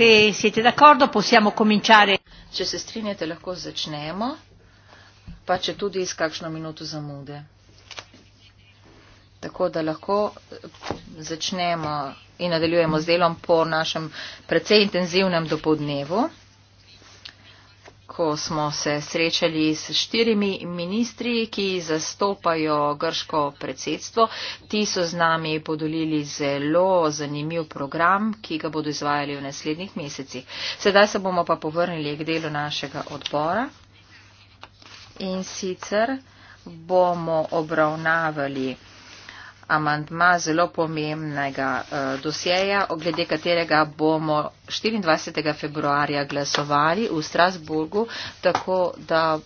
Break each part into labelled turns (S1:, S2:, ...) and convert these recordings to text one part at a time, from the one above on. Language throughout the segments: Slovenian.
S1: Se siete d'accordo possiamo cominciare. Se se strinete lahko začnemo, pa c'è tudi iz kakšno minuto zamude. Tako da lahko eh, začnemo in nadaljujemo z delom po našem precej intenzivnem dopodnevu. Zagrebčanko smo se srečali s štirimi ministri, ki zastopajo grško predsedstvo. Ti so z nami podolili zelo zanimiv program, ki ga bodo izvajali v naslednjih mesecih. Sedaj se bomo pa povrnili k delu našega odbora. In sicer bomo obravnavali amantma zelo pomembnega uh, dosjeja, glede katerega bomo 24. februarja glasovali v Strasburgu, tako da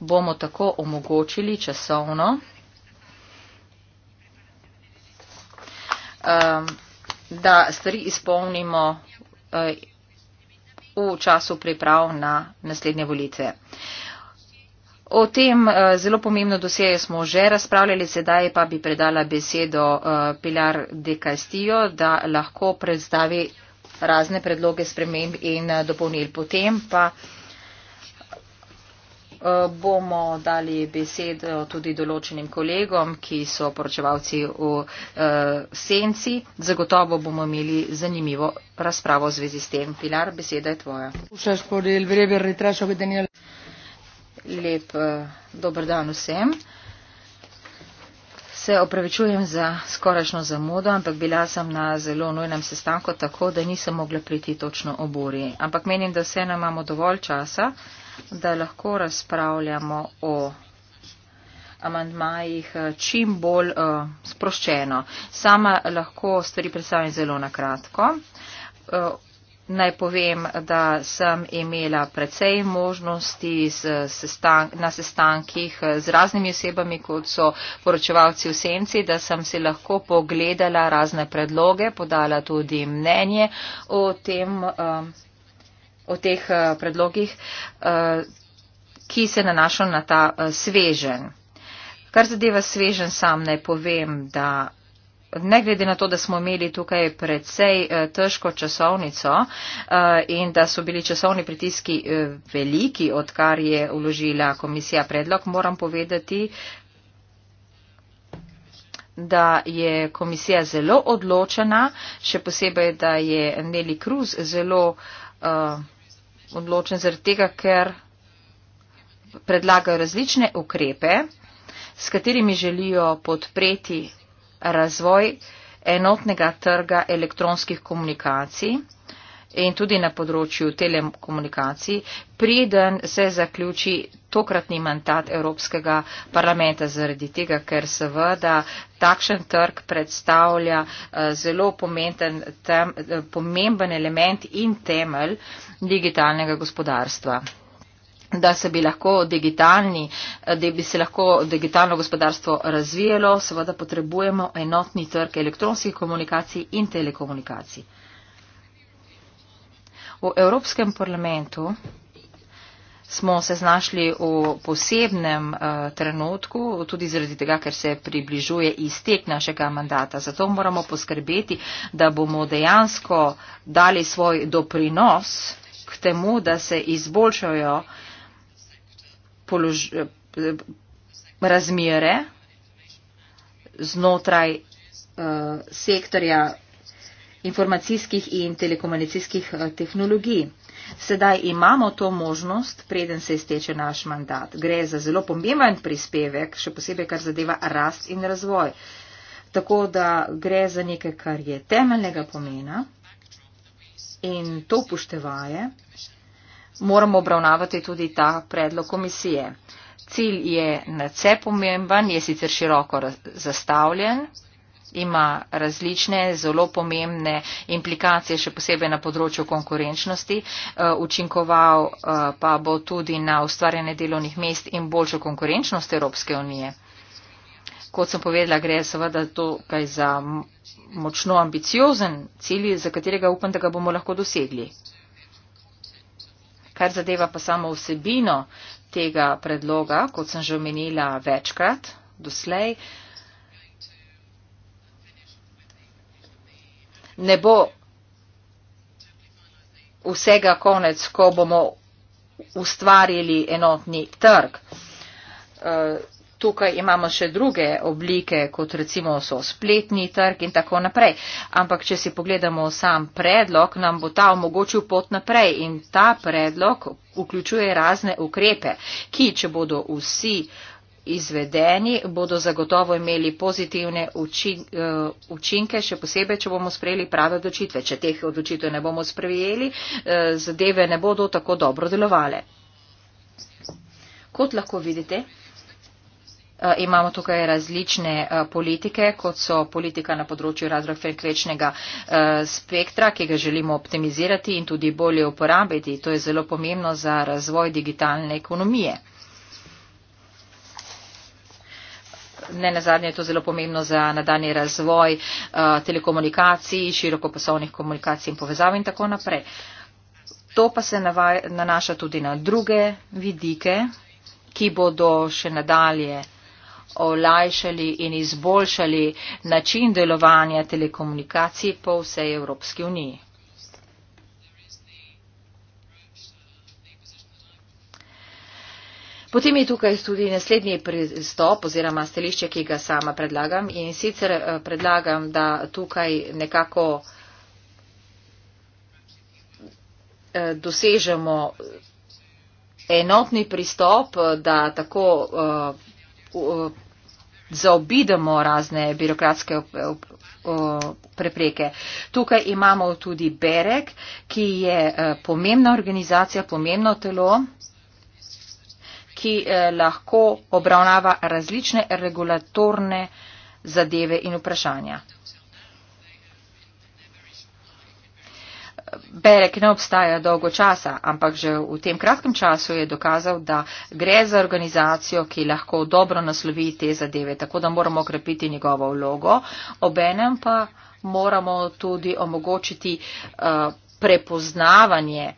S1: bomo tako omogočili časovno. Um, da stvari izpolnimo uh, v času priprav na naslednje volitve. O tem eh, zelo pomembno doseje smo že razpravljali, sedaj pa bi predala besedo eh, Pilar de Castillo, da lahko predstavi razne predloge sprememb in eh, dopolnil. Potem pa bomo dali besedo tudi določenim kolegom, ki so poročevalci v senci. Zagotovo bomo imeli zanimivo razpravo v zvezi s tem. Pilar, beseda je tvoja. Lep eh, dober dan vsem. Se opravičujem za skorajšno zamudo, ampak bila sem na zelo nujnem sestanku, tako da nisem mogla priti točno ob uri. Ampak menim, da vseeno imamo dovolj časa, da lahko razpravljamo o amandmajih eh, čim bolj uh, sproščeno. Sama lahko stvari predstavim zelo nakratko. Uh, Naj povem, da sem imela precej možnosti na sestankih z raznimi osebami, kot so poročevalci v Senci, da sem si lahko pogledala razne predloge, podala tudi mnenje o, tem, um, o teh uh, predlogih, uh, ki se nanašajo na ta uh, svežen. Kar zadeva svežen, sam naj povem, da Ne glede na to, da smo imeli tukaj predvsej eh, težko časovnico eh, in da so bili časovni pritiski eh, veliki, odkar je uložila komisija predlog, moram povedati, da je komisija zelo odločena, še posebej, da je Neli Cruz zelo odločen zaradi tega, ker predlagajo različne ukrepe, s katerimi želijo podpreti razvoj enotnega trga elektronskih komunikacij in tudi na področju telekomunikacij, priden se zaključi tokratni mandat Evropskega parlamenta zaradi tega, ker seveda takšen trg predstavlja eh, zelo pomemben, tem, eh, pomemben element in temelj digitalnega gospodarstva da se bi lahko digitalni, da bi se lahko digitalno gospodarstvo razvijalo, seveda potrebujemo enotni trg elektronskih komunikacij in telekomunikacij. V Evropskem parlamentu smo se znašli v posebnem uh, trenutku, tudi zaradi tega, ker se približuje iztek našega mandata. Zato moramo poskrbeti, da bomo dejansko dali svoj doprinos k temu, da se izboljšajo uh, polož, eh, razmere znotraj uh, sektorja informacijskih in telekomunikacijskih eh, tehnologij. Sedaj imamo to možnost, preden se izteče naš mandat. Gre za zelo pomemben prispevek, še posebej, kar zadeva rast in razvoj. Tako da gre za nekaj, kar je temeljnega pomena in to upoštevaje moramo obravnavati tudi ta predlog komisije. Cilj je nadse pomemben, je sicer široko zastavljen, ima različne zelo pomembne implikacije, še posebej na področju konkurenčnosti, eh, učinkoval eh, pa bo tudi na ustvarjanje delovnih mest in boljšo konkurenčnost Evropske unije. Kot sem povedala, gre seveda tukaj za močno ambiciozen cilj, za katerega upam, da ga bomo lahko dosegli. Kar zadeva pa samo vsebino tega predloga, kot sem že omenila večkrat doslej, ne bo vsega konec, ko bomo ustvarili enotni trg. Uh, tukaj imamo še druge oblike, kot recimo so spletni trg in tako naprej. Ampak, če si pogledamo sam predlog, nam bo ta omogočil pot naprej in ta predlog vključuje razne ukrepe, ki, če bodo vsi izvedeni, bodo zagotovo imeli pozitivne eh, učinke, še posebej, če bomo sprejeli prave odločitve. Če teh odločitev ne bomo sprejeli, eh, zadeve ne bodo tako dobro delovale. Kot lahko vidite, Eh, imamo tukaj različne eh, politike, kot so politika na področju razrokfrekvenčnega eh, spektra, ki ga želimo optimizirati in tudi bolje uporabiti. To je zelo pomembno za razvoj digitalne ekonomije. Ne nazadnje je to zelo pomembno za nadaljni razvoj telekomunikacij, širokopasovnih komunikacij in povezav in tako naprej. To pa se nanaša tudi na druge vidike, ki bodo še nadalje olajšali in izboljšali način delovanja telekomunikacij po vsej Evropski uniji. Potem je tukaj tudi naslednji pristop oziroma stališče, ki ga sama predlagam in sicer eh, predlagam, da tukaj nekako eh, dosežemo enotni pristop, da tako eh, Eh, zaobidemo razne birokratske eh, prepreke. Tukaj imamo tudi Berek, ki je eh, pomembna organizacija, pomembno telo, ki lahko obravnava različne regulatorne zadeve in vprašanja. Berek ne obstaja dolgo časa, ampak že v tem kratkem času je dokazal, da gre za organizacijo, ki lahko dobro naslovi te zadeve, tako da moramo okrepiti njegovo vlogo, obenem pa moramo tudi omogočiti uh, prepoznavanje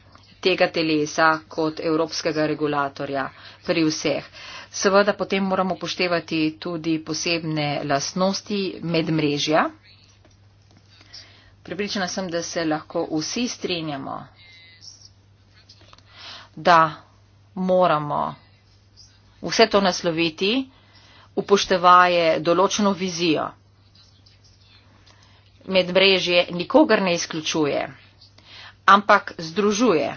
S1: tega telesa kot evropskega regulatorja pri vseh. Seveda potem moramo poštevati tudi posebne lastnosti medmrežja. Pripričana sem, da se lahko vsi strinjamo, da moramo vse to nasloviti, upoštevaje določeno vizijo. Medmrežje nikogar ne izključuje, ampak združuje.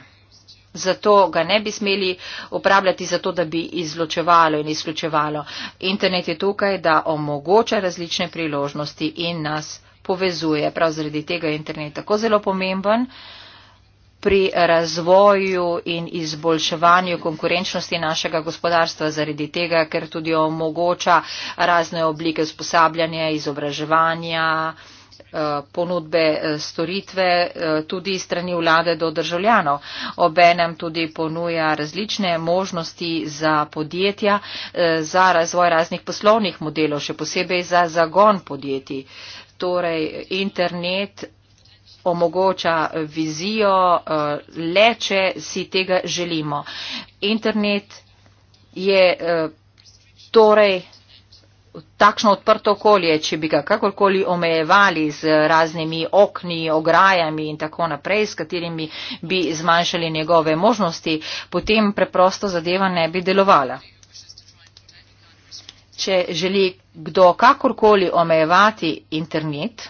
S1: Zato ga ne bi smeli upravljati, zato da bi izločevalo in izključevalo. Internet je tukaj, da omogoča različne priložnosti in nas povezuje. Prav zaradi tega je internet tako zelo pomemben pri razvoju in izboljševanju konkurenčnosti našega gospodarstva, zaradi tega, ker tudi omogoča razne oblike usposabljanja, izobraževanja eh, ponudbe eh, storitve eh, tudi strani vlade do državljanov. Obenem tudi ponuja različne možnosti za podjetja, za razvoj raznih poslovnih modelov, še posebej za zagon podjetij torej internet omogoča vizijo eh, le, če si tega želimo. Internet je eh, torej takšno odprto okolje, če bi ga kakorkoli omejevali z raznimi okni, ograjami in tako naprej, s katerimi bi zmanjšali njegove možnosti, potem preprosto zadeva ne bi delovala če želi kdo kakorkoli omejevati internet,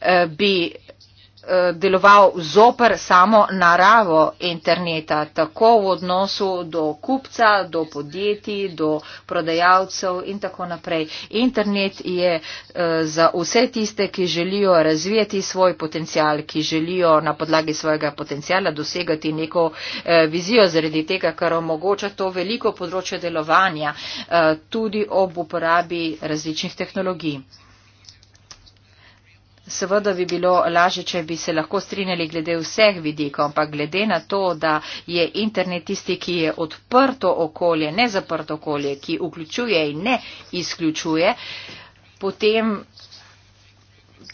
S1: eh, bi Eh, deloval zoper samo naravo interneta, tako v odnosu do kupca, do podjetij, do prodajalcev in tako naprej. Internet je eh, za vse tiste, ki želijo razvijati svoj potencial, ki želijo na podlagi svojega potencijala dosegati neko eh, vizijo, zaradi tega, kar omogoča to veliko področje delovanja, tudi ob uporabi različnih tehnologij. Seveda bi bilo lažje, če bi se lahko strinjali glede vseh vidikov, ampak glede na to, da je internet tisti, ki je odprto okolje, ne zaprto okolje, ki vključuje in ne izključuje, potem,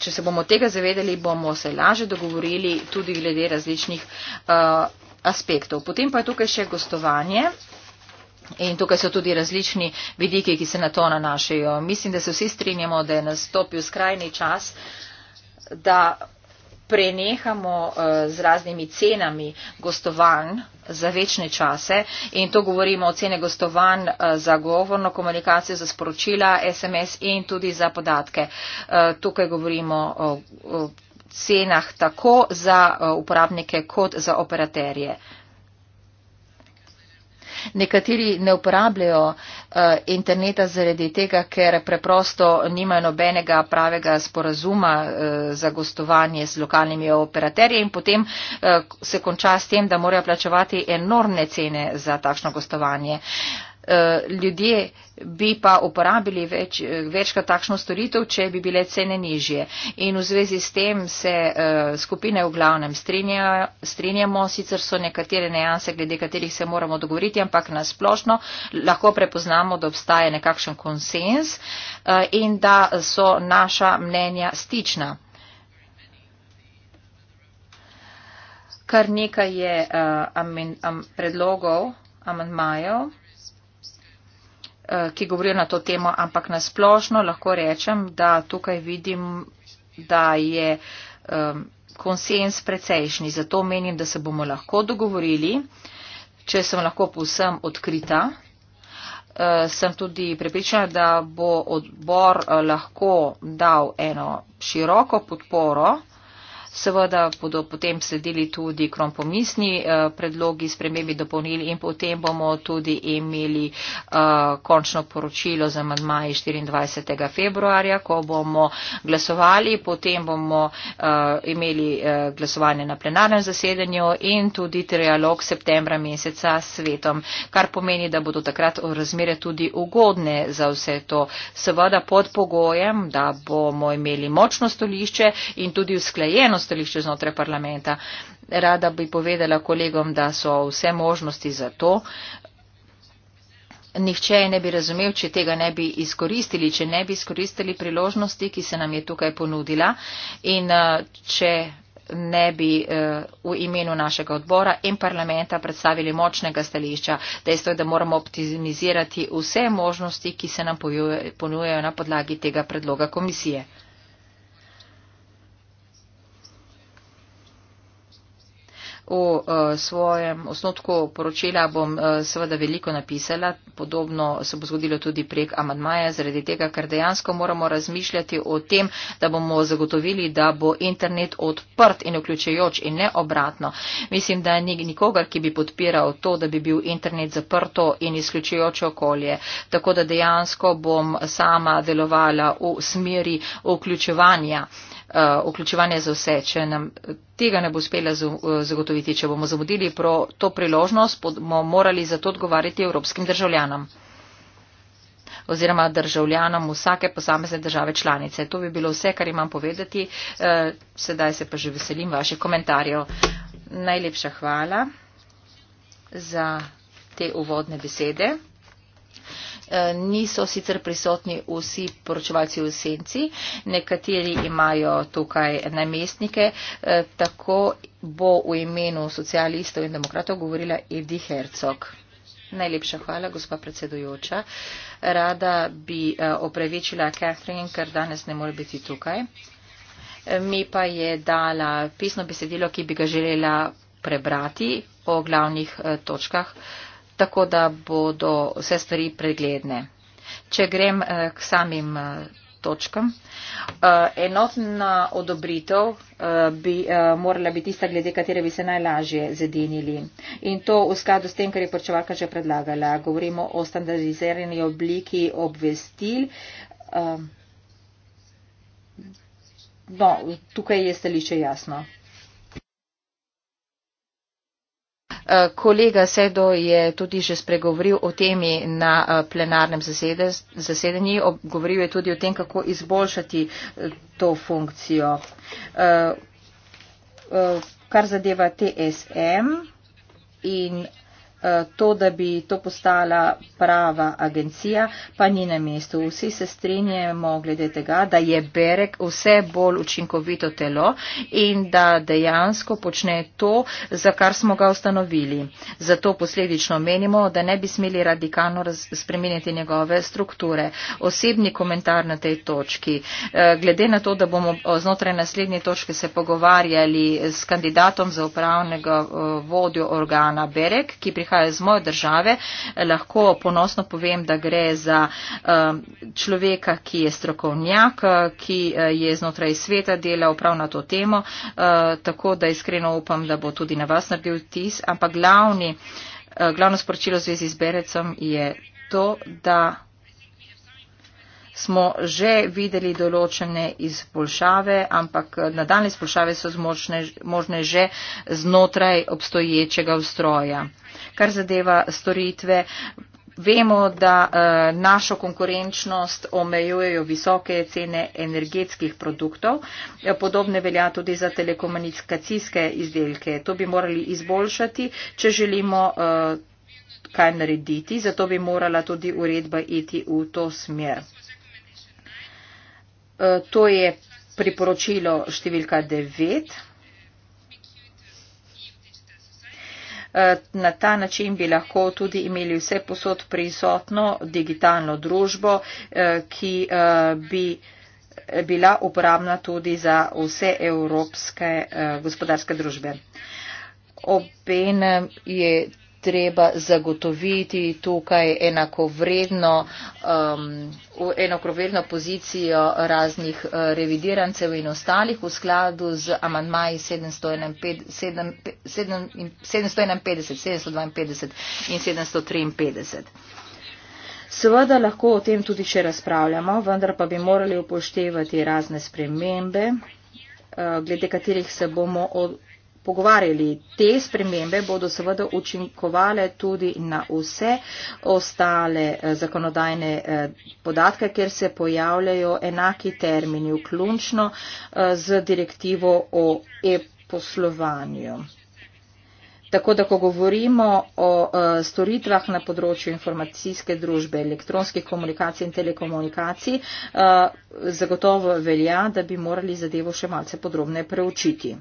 S1: če se bomo tega zavedali, bomo se lažje dogovorili tudi glede različnih uh, aspektov. Potem pa je tukaj še gostovanje. In tukaj so tudi različni vidiki, ki se na to nanašajo. Mislim, da se vsi strinjamo, da je nastopil skrajni čas, uh, da prenehamo eh, z raznimi cenami gostovanj za večne čase in to govorimo o cene gostovanj eh, za govorno komunikacijo, za sporočila, SMS in tudi za podatke. Eh, tukaj govorimo o cenah tako za uporabnike kot za operaterje. Nekateri ne uporabljajo uh, interneta zaradi tega, ker preprosto nimajo nobenega pravega sporazuma uh, za gostovanje z lokalnimi operaterji in potem uh, se konča s tem, da morajo plačevati enormne cene za takšno gostovanje. Uh, Eh, ljudje bi pa uporabili več, eh, večkrat takšno storitev, če bi bile cene nižje. In v zvezi s tem se uh, skupine v glavnem strinjajo, strinjamo, sicer so nekatere nejanse, glede katerih se moramo dogovoriti, ampak nasplošno lahko prepoznamo, da obstaja nekakšen konsens uh, in da so naša mnenja stična. Kar nekaj je uh, amen, am, predlogov, amandmajev. Eh, ki govorijo na to temo, ampak nasplošno lahko rečem, da tukaj vidim, da je eh, konsens precejšnji. Zato menim, da se bomo lahko dogovorili, če sem lahko povsem odkrita. Eh, sem tudi prepričana, da bo odbor lahko dal eno široko podporo Seveda bodo potem sledili tudi krompomisni eh, predlogi, spremembi dopolnili in potem bomo tudi imeli eh, končno poročilo za madmaji 24. februarja, ko bomo glasovali, potem bomo eh, imeli glasovanje na plenarnem zasedanju in tudi trialog septembra meseca s svetom, kar pomeni, da bodo takrat razmere tudi ugodne za vse to. Seveda pod pogojem, da bomo imeli močno stolišče in tudi usklajeno stališče znotraj parlamenta. Rada bi povedala kolegom, da so vse možnosti za to. Nihče je ne bi razumel, če tega ne bi izkoristili, če ne bi izkoristili priložnosti, ki se nam je tukaj ponudila in eh, če ne bi eh, v imenu našega odbora in parlamenta predstavili močnega stališča. Dejstvo je, da moramo optimizirati vse možnosti, ki se nam ponujejo na podlagi tega predloga komisije. v eh, svojem osnotku poročila bom eh, seveda veliko napisala, podobno se bo zgodilo tudi prek amadmaja, zaradi tega, ker dejansko moramo razmišljati o tem, da bomo zagotovili, da bo internet odprt in vključujoč in ne obratno. Mislim, da ni nikogar, ki bi podpiral to, da bi bil internet zaprto in izključujoče okolje. Tako da dejansko bom sama delovala v smeri vključevanja. Eh, vključevanje za vse, če nam eh, tega ne bo uspela eh, zagotoviti, če bomo zamudili pro to priložnost, bomo morali za to odgovarjati evropskim državljanom oziroma državljanom vsake posamezne države članice. To bi bilo vse, kar imam povedati. Sedaj se pa že veselim vaših komentarjev. Najlepša hvala za te uvodne besede. Eh, niso sicer prisotni vsi poročevalci v senci, nekateri imajo tukaj namestnike, eh, tako bo v imenu socialistov in demokratov govorila Edi Hercog. Najlepša hvala, gospa predsedujoča. Rada bi eh, opravičila Catherine, ker danes ne more biti tukaj. Mi pa je dala pisno besedilo, ki bi ga želela prebrati o glavnih točkah tako da bodo vse stvari pregledne. Če grem eh, k samim eh, točkam. Eh, enotna odobritev bi morala biti tista, glede katere bi se najlažje zedinili. In to v skladu s tem, kar je počevalka že predlagala. Govorimo o standardizirani obliki obvestil. No, tukaj je stališče jasno. Eh, kolega Sedo je tudi že spregovoril o temi na eh, plenarnem zasedanju, govoril je tudi o tem, kako izboljšati eh, to funkcijo. Kar zadeva TSM in Eh, to, da bi to postala prava agencija, pa ni na mestu. Vsi se strinjamo glede tega, da je Berek vse bolj učinkovito telo in da dejansko počne to, za kar smo ga ustanovili. Zato posledično menimo, da ne bi smeli radikalno spremeniti njegove strukture. Osebni komentar na tej točki. Eh, glede na to, da bomo eh, znotraj naslednje točke se pogovarjali s kandidatom za upravnega vodjo organa Berek, ki prihaja prihajajo iz moje države, eh, lahko ponosno povem, da gre za eh, človeka, ki je strokovnjak, eh, ki je znotraj sveta delal prav na to temo, tako da iskreno upam, da bo tudi na vas naredil tis, ampak glavni, glavno sporočilo v zvezi z Berecom je to, da smo že videli določene izboljšave, ampak nadaljne izboljšave so zmočne, možne že znotraj obstoječega ustroja. Kar zadeva storitve. Vemo, da uh, našo konkurenčnost omejujejo visoke cene energetskih produktov. Ja, podobne velja tudi za telekomunikacijske izdelke. To bi morali izboljšati, če želimo uh, kaj narediti. Zato bi morala tudi uredba iti v to smer. Eh, to je priporočilo številka 9. Eh, na ta način bi lahko tudi imeli vse posod prisotno digitalno družbo, eh, ki bi bila uporabna tudi za vse evropske gospodarske družbe. Obenem je treba zagotoviti tukaj enakovredno, um, enakovredno pozicijo raznih uh, revidirancev in ostalih v skladu z amandmaji 751, 752 in 753. Seveda lahko o tem tudi še razpravljamo, vendar pa bi morali upoštevati razne spremembe, uh, glede katerih se bomo pogovarjali. Te spremembe bodo seveda učinkovale tudi na vse ostale eh, zakonodajne eh, podatke, ker se pojavljajo enaki termini, vključno eh, z direktivo o e-poslovanju. Tako da, ko govorimo o storitvah na področju informacijske družbe, elektronskih komunikacij in telekomunikacij, zagotovo velja, da bi morali zadevo še malce podrobneje preučiti.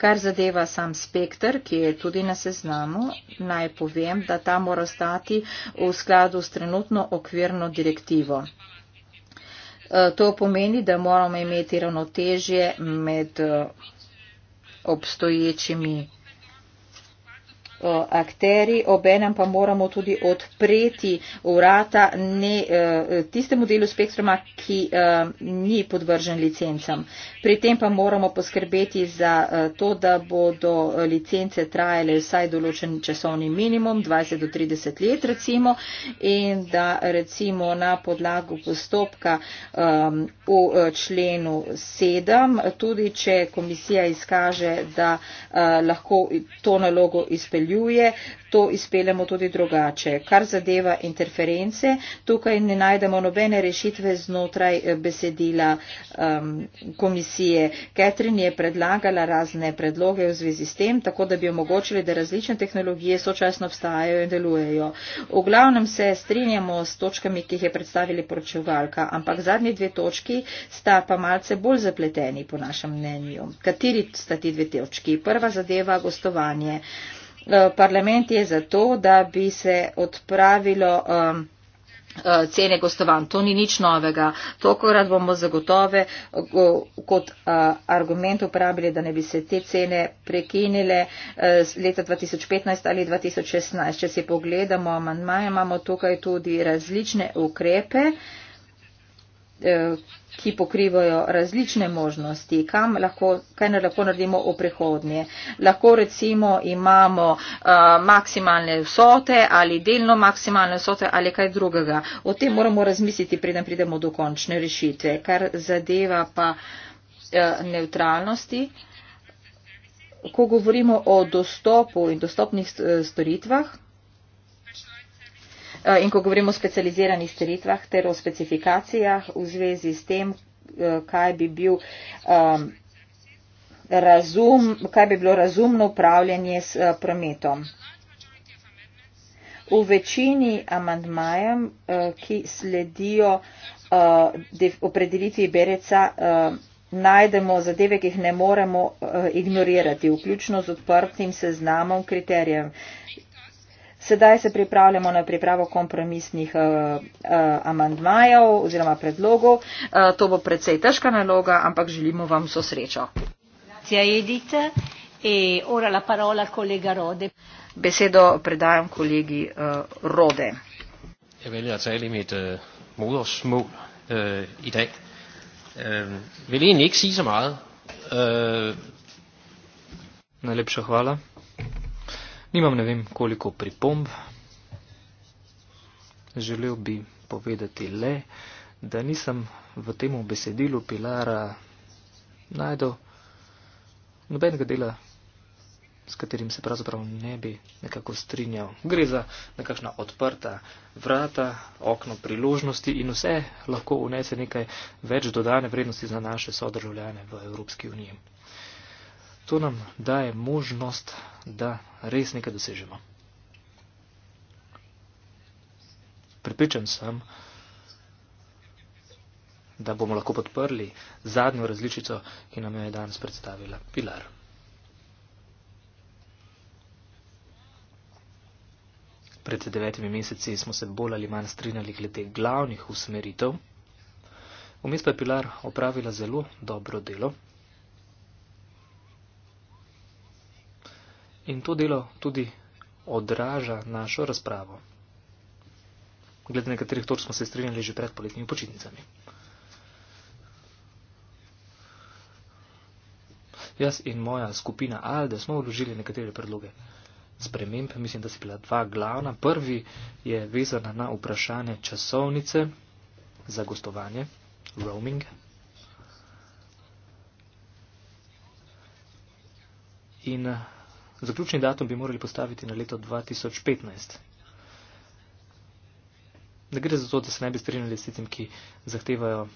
S1: Kar zadeva sam spektr, ki je tudi na seznamu, naj povem, da ta mora stati v skladu s trenutno okvirno direktivo. E, to pomeni, da moramo imeti ravnotežje med e, obstoječimi Eh, akteri, obenem pa moramo tudi odpreti vrata ne, eh, tistemu delu spektruma, ki eh, ni podvržen licencam. Pri tem pa moramo poskrbeti za to, da bodo licence trajale vsaj določen časovni minimum, 20 do 30 let recimo, in da recimo na podlagu postopka v členu 7, tudi če komisija izkaže, da lahko to nalogo izpeljuje, nadaljuje, to izpeljamo tudi drugače. Kar zadeva interference, tukaj ne najdemo nobene rešitve znotraj eh, besedila um, komisije. Katrin je predlagala razne predloge v zvezi s tem, tako da bi omogočili, da različne tehnologije sočasno obstajajo in delujejo. V glavnem se strinjamo s točkami, ki jih je predstavili poročevalka, ampak zadnji dve točki sta pa malce bolj zapleteni po našem mnenju. Kateri sta ti dve točki? Prva zadeva gostovanje. Eh, parlament je zato, da bi se odpravilo eh, cene gostovanj. To ni nič novega. Tokrat bomo zagotove kot eh, argument uporabili, da ne bi se te cene prekinile leta 2015 ali 2016. Če si pogledamo manj, imamo tukaj tudi različne ukrepe. Eh, ki pokrivajo različne možnosti, kam lahko, kaj ne lahko naredimo v prihodnje. Lahko recimo imamo uh, maksimalne vsote ali delno maksimalne vsote ali kaj drugega. O tem moramo razmisliti, preden pridemo do končne rešitve. Kar zadeva pa uh, eh, neutralnosti, ko govorimo o dostopu in dostopnih storitvah, Eh, in ko govorimo o specializiranih storitvah ter o specifikacijah v zvezi s tem, eh, kaj bi bil. Um, Razum, kaj bi bilo razumno upravljanje s eh, prometom. V večini amandmajem, ki sledijo opredelitvi Bereca, najdemo zadeve, ki jih ne moremo ignorirati, vključno z odprtim seznamom kriterijev. Sedaj se pripravljamo na pripravo kompromisnih eh, eh, amandmajev oziroma predlogov. Eh, to bo predvsej težka naloga, ampak želimo vam so srečo. E Besedo predajam kolegi Rode.
S2: Øh, øh, øh, Najlepša hvala. Nimam ne vem koliko pripomb. Želel bi povedati le, da nisem v tem besedilu Pilara najdel nobenega dela, s katerim se pravzaprav ne bi nekako strinjal. Gre za nekakšna odprta vrata, okno priložnosti in vse lahko unese nekaj več dodane vrednosti za naše sodržavljane v Evropski uniji. To nam daje možnost, da res nekaj dosežemo. Pripričan sem, da bomo lahko podprli zadnjo različico, ki nam jo je danes predstavila Pilar. Pred devetimi meseci smo se bolj ali manj strinjali glede glavnih usmeritev. Vmes pa je Pilar opravila zelo dobro delo. in to delo tudi odraža našo razpravo. Glede nekaterih točk smo se strinjali že pred poletnimi počitnicami. Jaz in moja skupina Alde smo vložili nekatere predloge sprememb, mislim, da si bila dva glavna. Prvi je vezana na vprašanje časovnice za gostovanje, roaming. In Zaključni datum bi morali postaviti na leto 2015. Ne gre za to, da se ne bi strinjali s tistim, ki zahtevajo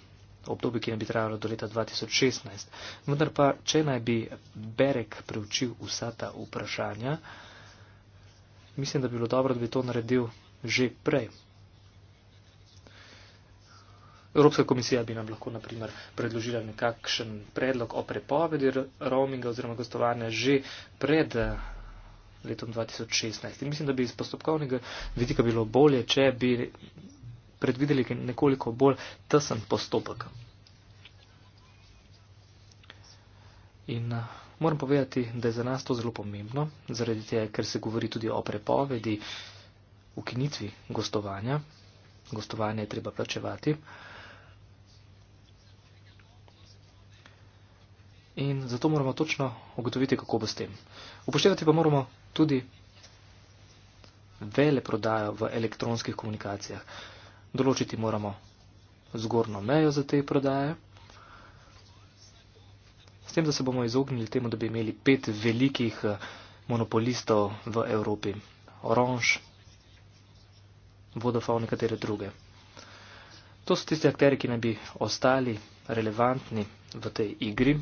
S2: obdobje, ki ne bi trajalo do leta 2016. Vendar pa, če naj bi Berek preučil vsa ta vprašanja, mislim, da bi bilo dobro, da bi to naredil že prej. Evropska komisija bi nam lahko naprimer predložila nekakšen predlog o prepovedi roaminga oziroma gostovanja že pred eh, letom 2016. In mislim, da bi iz postopkovnega vidika bilo bolje, če bi predvideli nekoliko bolj tesen postopek. In eh, moram povedati, da je za nas to zelo pomembno, zaradi tega, ker se govori tudi o prepovedi ukinitvi gostovanja. Gostovanje je treba plačevati. in zato moramo točno ugotoviti, kako bo s tem. Upoštevati pa moramo tudi vele prodajo v elektronskih komunikacijah. Določiti moramo zgornjo mejo za te prodaje, s tem, da se bomo izognili temu, da bi imeli pet velikih eh, monopolistov v Evropi. Orange, Vodafone, nekatere druge. To so tisti akteri, ki naj bi ostali relevantni v tej igri.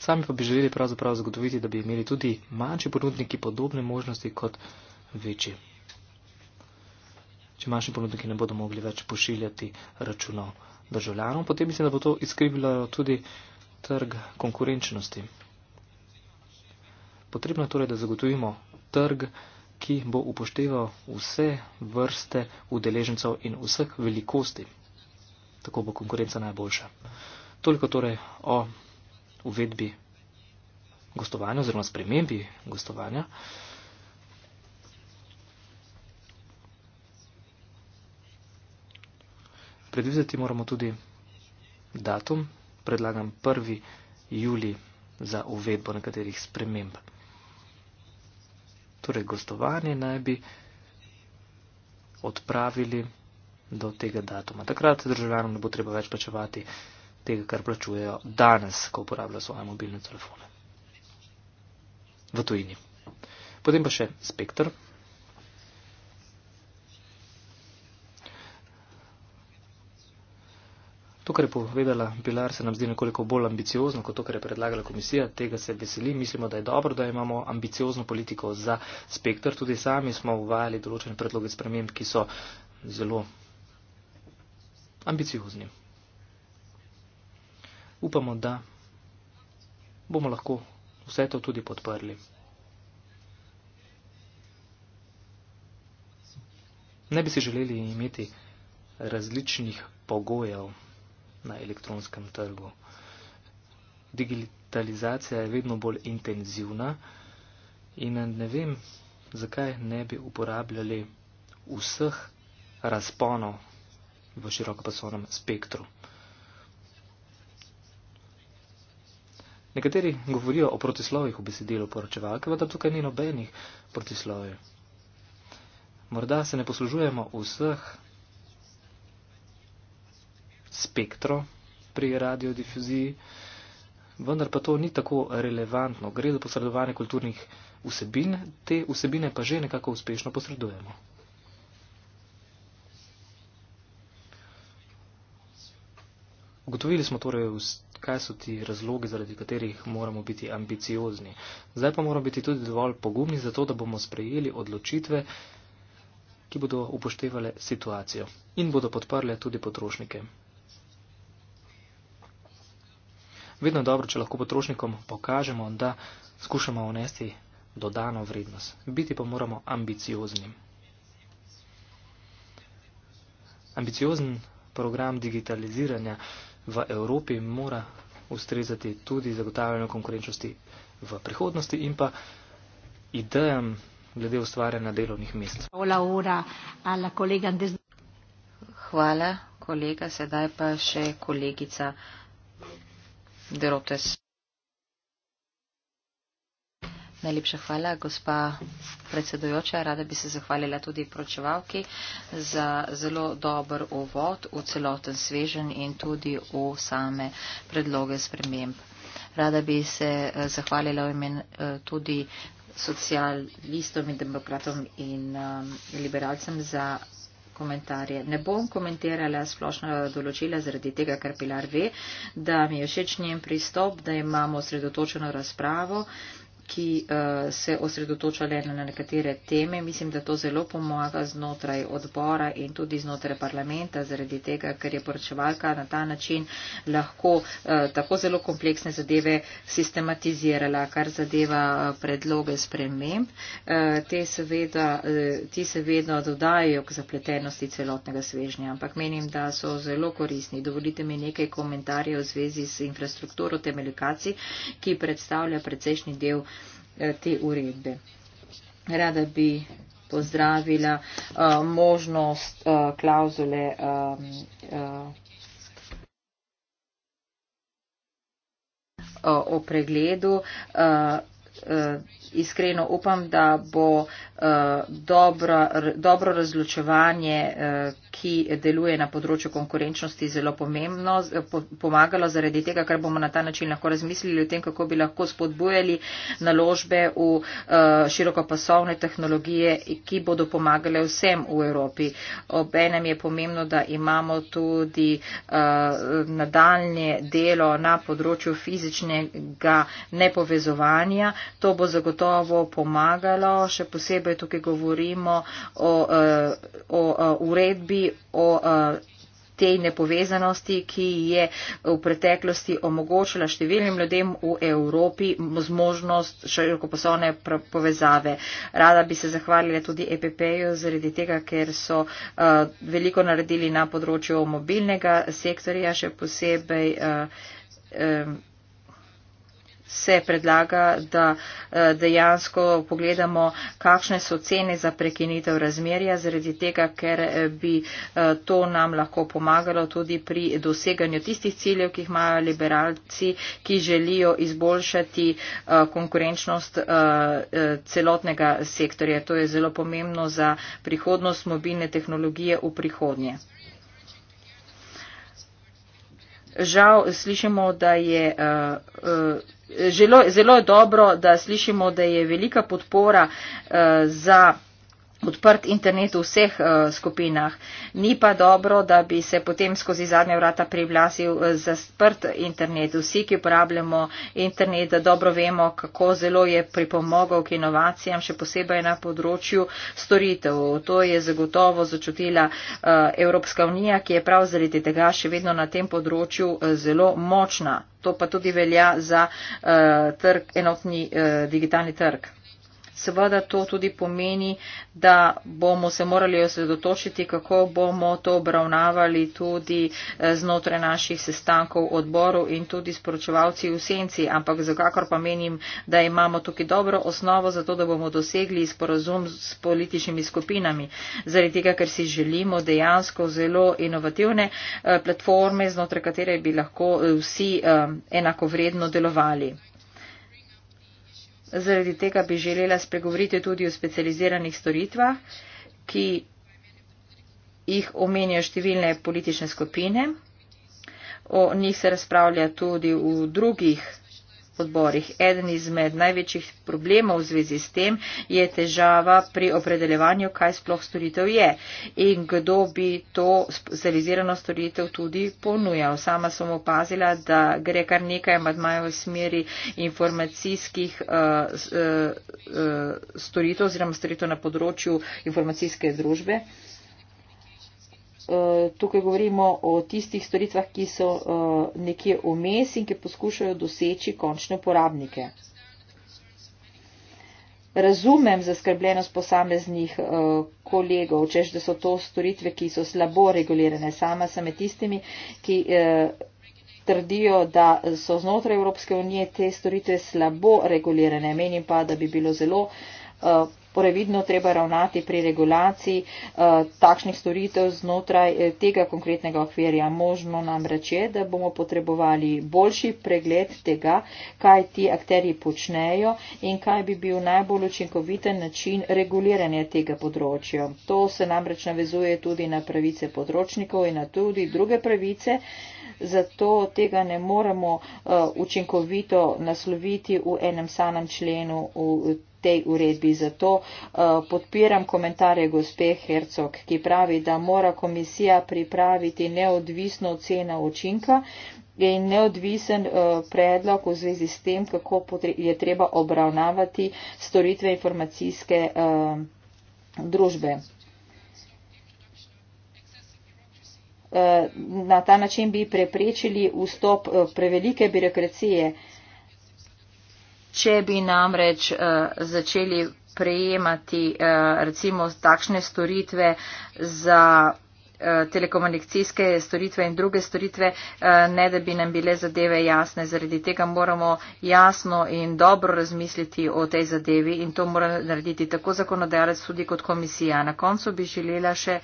S2: Sami pa bi želeli pravzaprav zagotoviti, da bi imeli tudi manjši ponudniki podobne možnosti kot večji. Če manjši ponudniki ne bodo mogli več pošiljati računov državljanov, potem mislim, da bo to izkrivilo tudi trg konkurenčnosti. Potrebno je torej, da zagotovimo trg, ki bo upošteval vse vrste udeležencev in vseh velikosti. Tako bo konkurenca najboljša. Toliko torej o uvedbi gostovanja oziroma spremembi gostovanja. Predvideti moramo tudi datum, predlagam 1. juli za uvedbo nekaterih sprememb. Torej, gostovanje naj bi odpravili do tega datuma. Takrat državljanom ne bo treba več plačevati tega, kar plačujejo danes, ko uporabljajo svoje mobilne telefone. V tujini. Potem pa še spektr. To, kar je povedala Pilar, se nam zdi nekoliko bolj ambiciozno kot to, kar je predlagala komisija. Tega se veseli. Mislimo, da je dobro, da imamo ambiciozno politiko za spektr. Tudi sami smo uvajali določene predloge sprememb, ki so zelo ambiciozni upamo, da bomo lahko vse to tudi podprli. Ne bi si želeli imeti različnih pogojev na elektronskem trgu. Digitalizacija je vedno bolj intenzivna in ne vem, zakaj ne bi uporabljali vseh razponov v širokopasovnem spektru. Nekateri govorijo o protislovih v besedilu poročevalke, pa da tukaj ni nobenih protislovij. Morda se ne poslužujemo vseh spektro pri radiodifuziji, vendar pa to ni tako relevantno. Gre za posredovanje kulturnih vsebin, te vsebine pa že nekako uspešno posredujemo. Ugotovili smo torej, kaj so ti razlogi, zaradi katerih moramo biti ambiciozni. Zdaj pa moramo biti tudi dovolj pogumni za to, da bomo sprejeli odločitve, ki bodo upoštevale situacijo in bodo podprle tudi potrošnike. Vedno je dobro, če lahko potrošnikom pokažemo, da skušamo vnesti dodano vrednost. Biti pa moramo ambiciozni. Ambiciozen program digitaliziranja v Evropi mora ustrezati tudi zagotavljanju konkurenčnosti v prihodnosti in pa idejam glede ustvarjanja delovnih mest.
S1: Hvala, kolega. Sedaj pa še kolegica Derotes. Najlepša hvala, gospa predsedojoča. Rada bi se zahvalila tudi pročevalki za zelo dober uvod v celoten svežen in tudi v same predloge sprememb. Rada bi se eh, zahvalila imen eh, tudi socialistom in demokratom in eh, liberalcem za. Komentarje. Ne bom komentirala splošno določila zaradi tega, ker Pilar ve, da mi je všeč njen pristop, da imamo sredotočeno razpravo ki eh, se osredotoča le na nekatere teme. Mislim, da to zelo pomaga znotraj odbora in tudi znotraj parlamenta, zaradi tega, ker je poročevalka na ta način lahko eh, tako zelo kompleksne zadeve sistematizirala, kar zadeva eh, predloge sprememb. Te seveda, ti seveda dodajajo k zapletenosti celotnega svežnja, ampak menim, da so zelo korisni. Dovolite mi nekaj komentarjev v zvezi s infrastrukturo temelikacij, ki predstavlja precejšnji del Eh, te uredbe. Rada bi pozdravila uh, možnost uh, eh, klauzule. Um, uh, o pregledu. Uh... Eh, iskreno upam, da bo eh, dobro, dobro razločevanje, eh, ki deluje na področju konkurenčnosti, zelo pomembno, pomagalo zaradi tega, ker bomo na ta način lahko razmislili o tem, kako bi lahko spodbujali naložbe v širokopasovne tehnologije, ki bodo pomagale vsem v Evropi. Obenem je pomembno, da imamo tudi nadaljne delo na področju fizičnega nepovezovanja, To bo zagotovo pomagalo, še posebej tukaj govorimo o, eh, o, o eh, uredbi o eh, tej nepovezanosti, ki je v preteklosti omogočila številnim ljudem v Evropi možnost širokoposovne povezave. Rada bi se zahvalila tudi EPP-ju zaradi tega, ker so uh, veliko naredili na področju mobilnega sektorja, še posebej. Uh, um, se predlaga, da eh, dejansko pogledamo, kakšne so cene za prekinitev razmerja, zaradi tega, ker eh, bi eh, to nam lahko pomagalo tudi pri doseganju tistih ciljev, ki jih imajo liberalci, ki želijo izboljšati konkurenčnost celotnega sektorja. To je zelo pomembno za prihodnost mobilne tehnologije v prihodnje žal slišimo, da je uh, uh, želo, zelo je dobro, da slišimo, da je velika podpora uh, za odprt internet v vseh uh, skupinah. Ni pa dobro, da bi se potem skozi zadnja vrata privlasil uh, eh, za sprt internet. Vsi, ki uporabljamo internet, dobro vemo, kako zelo je pripomogel k inovacijam, še posebej na področju storitev. To je zagotovo začutila uh, Evropska unija, ki je prav zaradi tega še vedno na tem področju uh, zelo močna. To pa tudi velja za uh, trg, enotni uh, digitalni trg. Seveda to tudi pomeni, da bomo se morali osredotočiti, kako bomo to obravnavali tudi eh, znotraj naših sestankov odborov in tudi sporočevalci v senci. Ampak zakakor pa menim, da imamo tukaj dobro osnovo za to, da bomo dosegli sporazum s političnimi skupinami. Zaradi tega, ker si želimo dejansko zelo inovativne eh, platforme, znotraj katere bi lahko eh, vsi enakovredno delovali. Zaradi tega bi želela spregovoriti tudi o specializiranih storitvah, ki jih omenjajo številne politične skupine. O njih se razpravlja tudi v drugih odborih. Eden izmed največjih problemov v zvezi s tem je težava pri opredeljevanju, kaj sploh storitev je in kdo bi to specializirano storitev tudi ponujal. Sama sem opazila, da gre kar nekaj madmajev v smeri informacijskih uh, uh, uh, storitev oziroma storitev na področju informacijske družbe. Uh, Eh, tukaj govorimo o tistih storitvah, ki so eh, nekje omes in ki poskušajo doseči končne uporabnike. Razumem zaskrbljenost posameznih eh, kolegov, češ, da so to storitve, ki so slabo regulirane. Sama sem med tistimi, ki trdijo, da so znotraj Evropske unije te storitve slabo regulirane. Menim pa, da bi bilo zelo previdno torej, treba ravnati pri regulaciji eh, takšnih storitev znotraj eh, tega konkretnega okvirja. Možno namreč je, da bomo potrebovali boljši pregled tega, kaj ti akteri počnejo in kaj bi bil najbolj učinkoviten način reguliranja tega področja. To se namreč navezuje tudi na pravice področnikov in na tudi druge pravice. Eh, zato tega ne moremo eh, učinkovito nasloviti v enem samem členu v tej uredbi. Zato eh, podpiram komentarje gospe Hercog, ki pravi, da mora komisija pripraviti neodvisno ocena učinka in neodvisen eh, predlog v zvezi s tem, kako je treba obravnavati storitve informacijske družbe. Eh, na ta način bi preprečili vstop eh, prevelike birokracije. Če bi namreč eh, začeli prejemati recimo takšne storitve za telekomunikacijske storitve in druge storitve, ne da bi nam bile zadeve jasne. Zaradi tega moramo jasno in dobro razmisliti o tej zadevi in to mora narediti tako zakonodajalec, tudi kot komisija. Na koncu bi želela še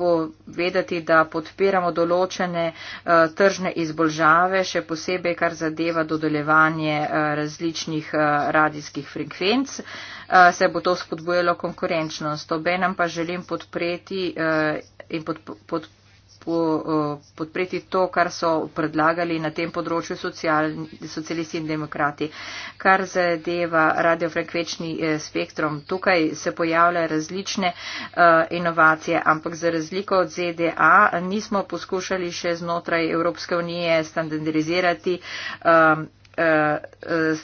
S1: povedati, da podpiramo določene eh, tržne izboljžave, še posebej kar zadeva dodeljevanje eh, različnih eh, radijskih frekvenc. Se bo to spodbujalo konkurenčnost. Obenem pa želim podpreti in podpreti. Pod, po, podpreti to, kar so predlagali na tem področju social, socialisti in demokrati. Kar zadeva radiofrekvenčni e, spektrum, tukaj se pojavljajo različne e, inovacije, ampak za razliko od ZDA nismo poskušali še znotraj Evropske unije standardizirati, e,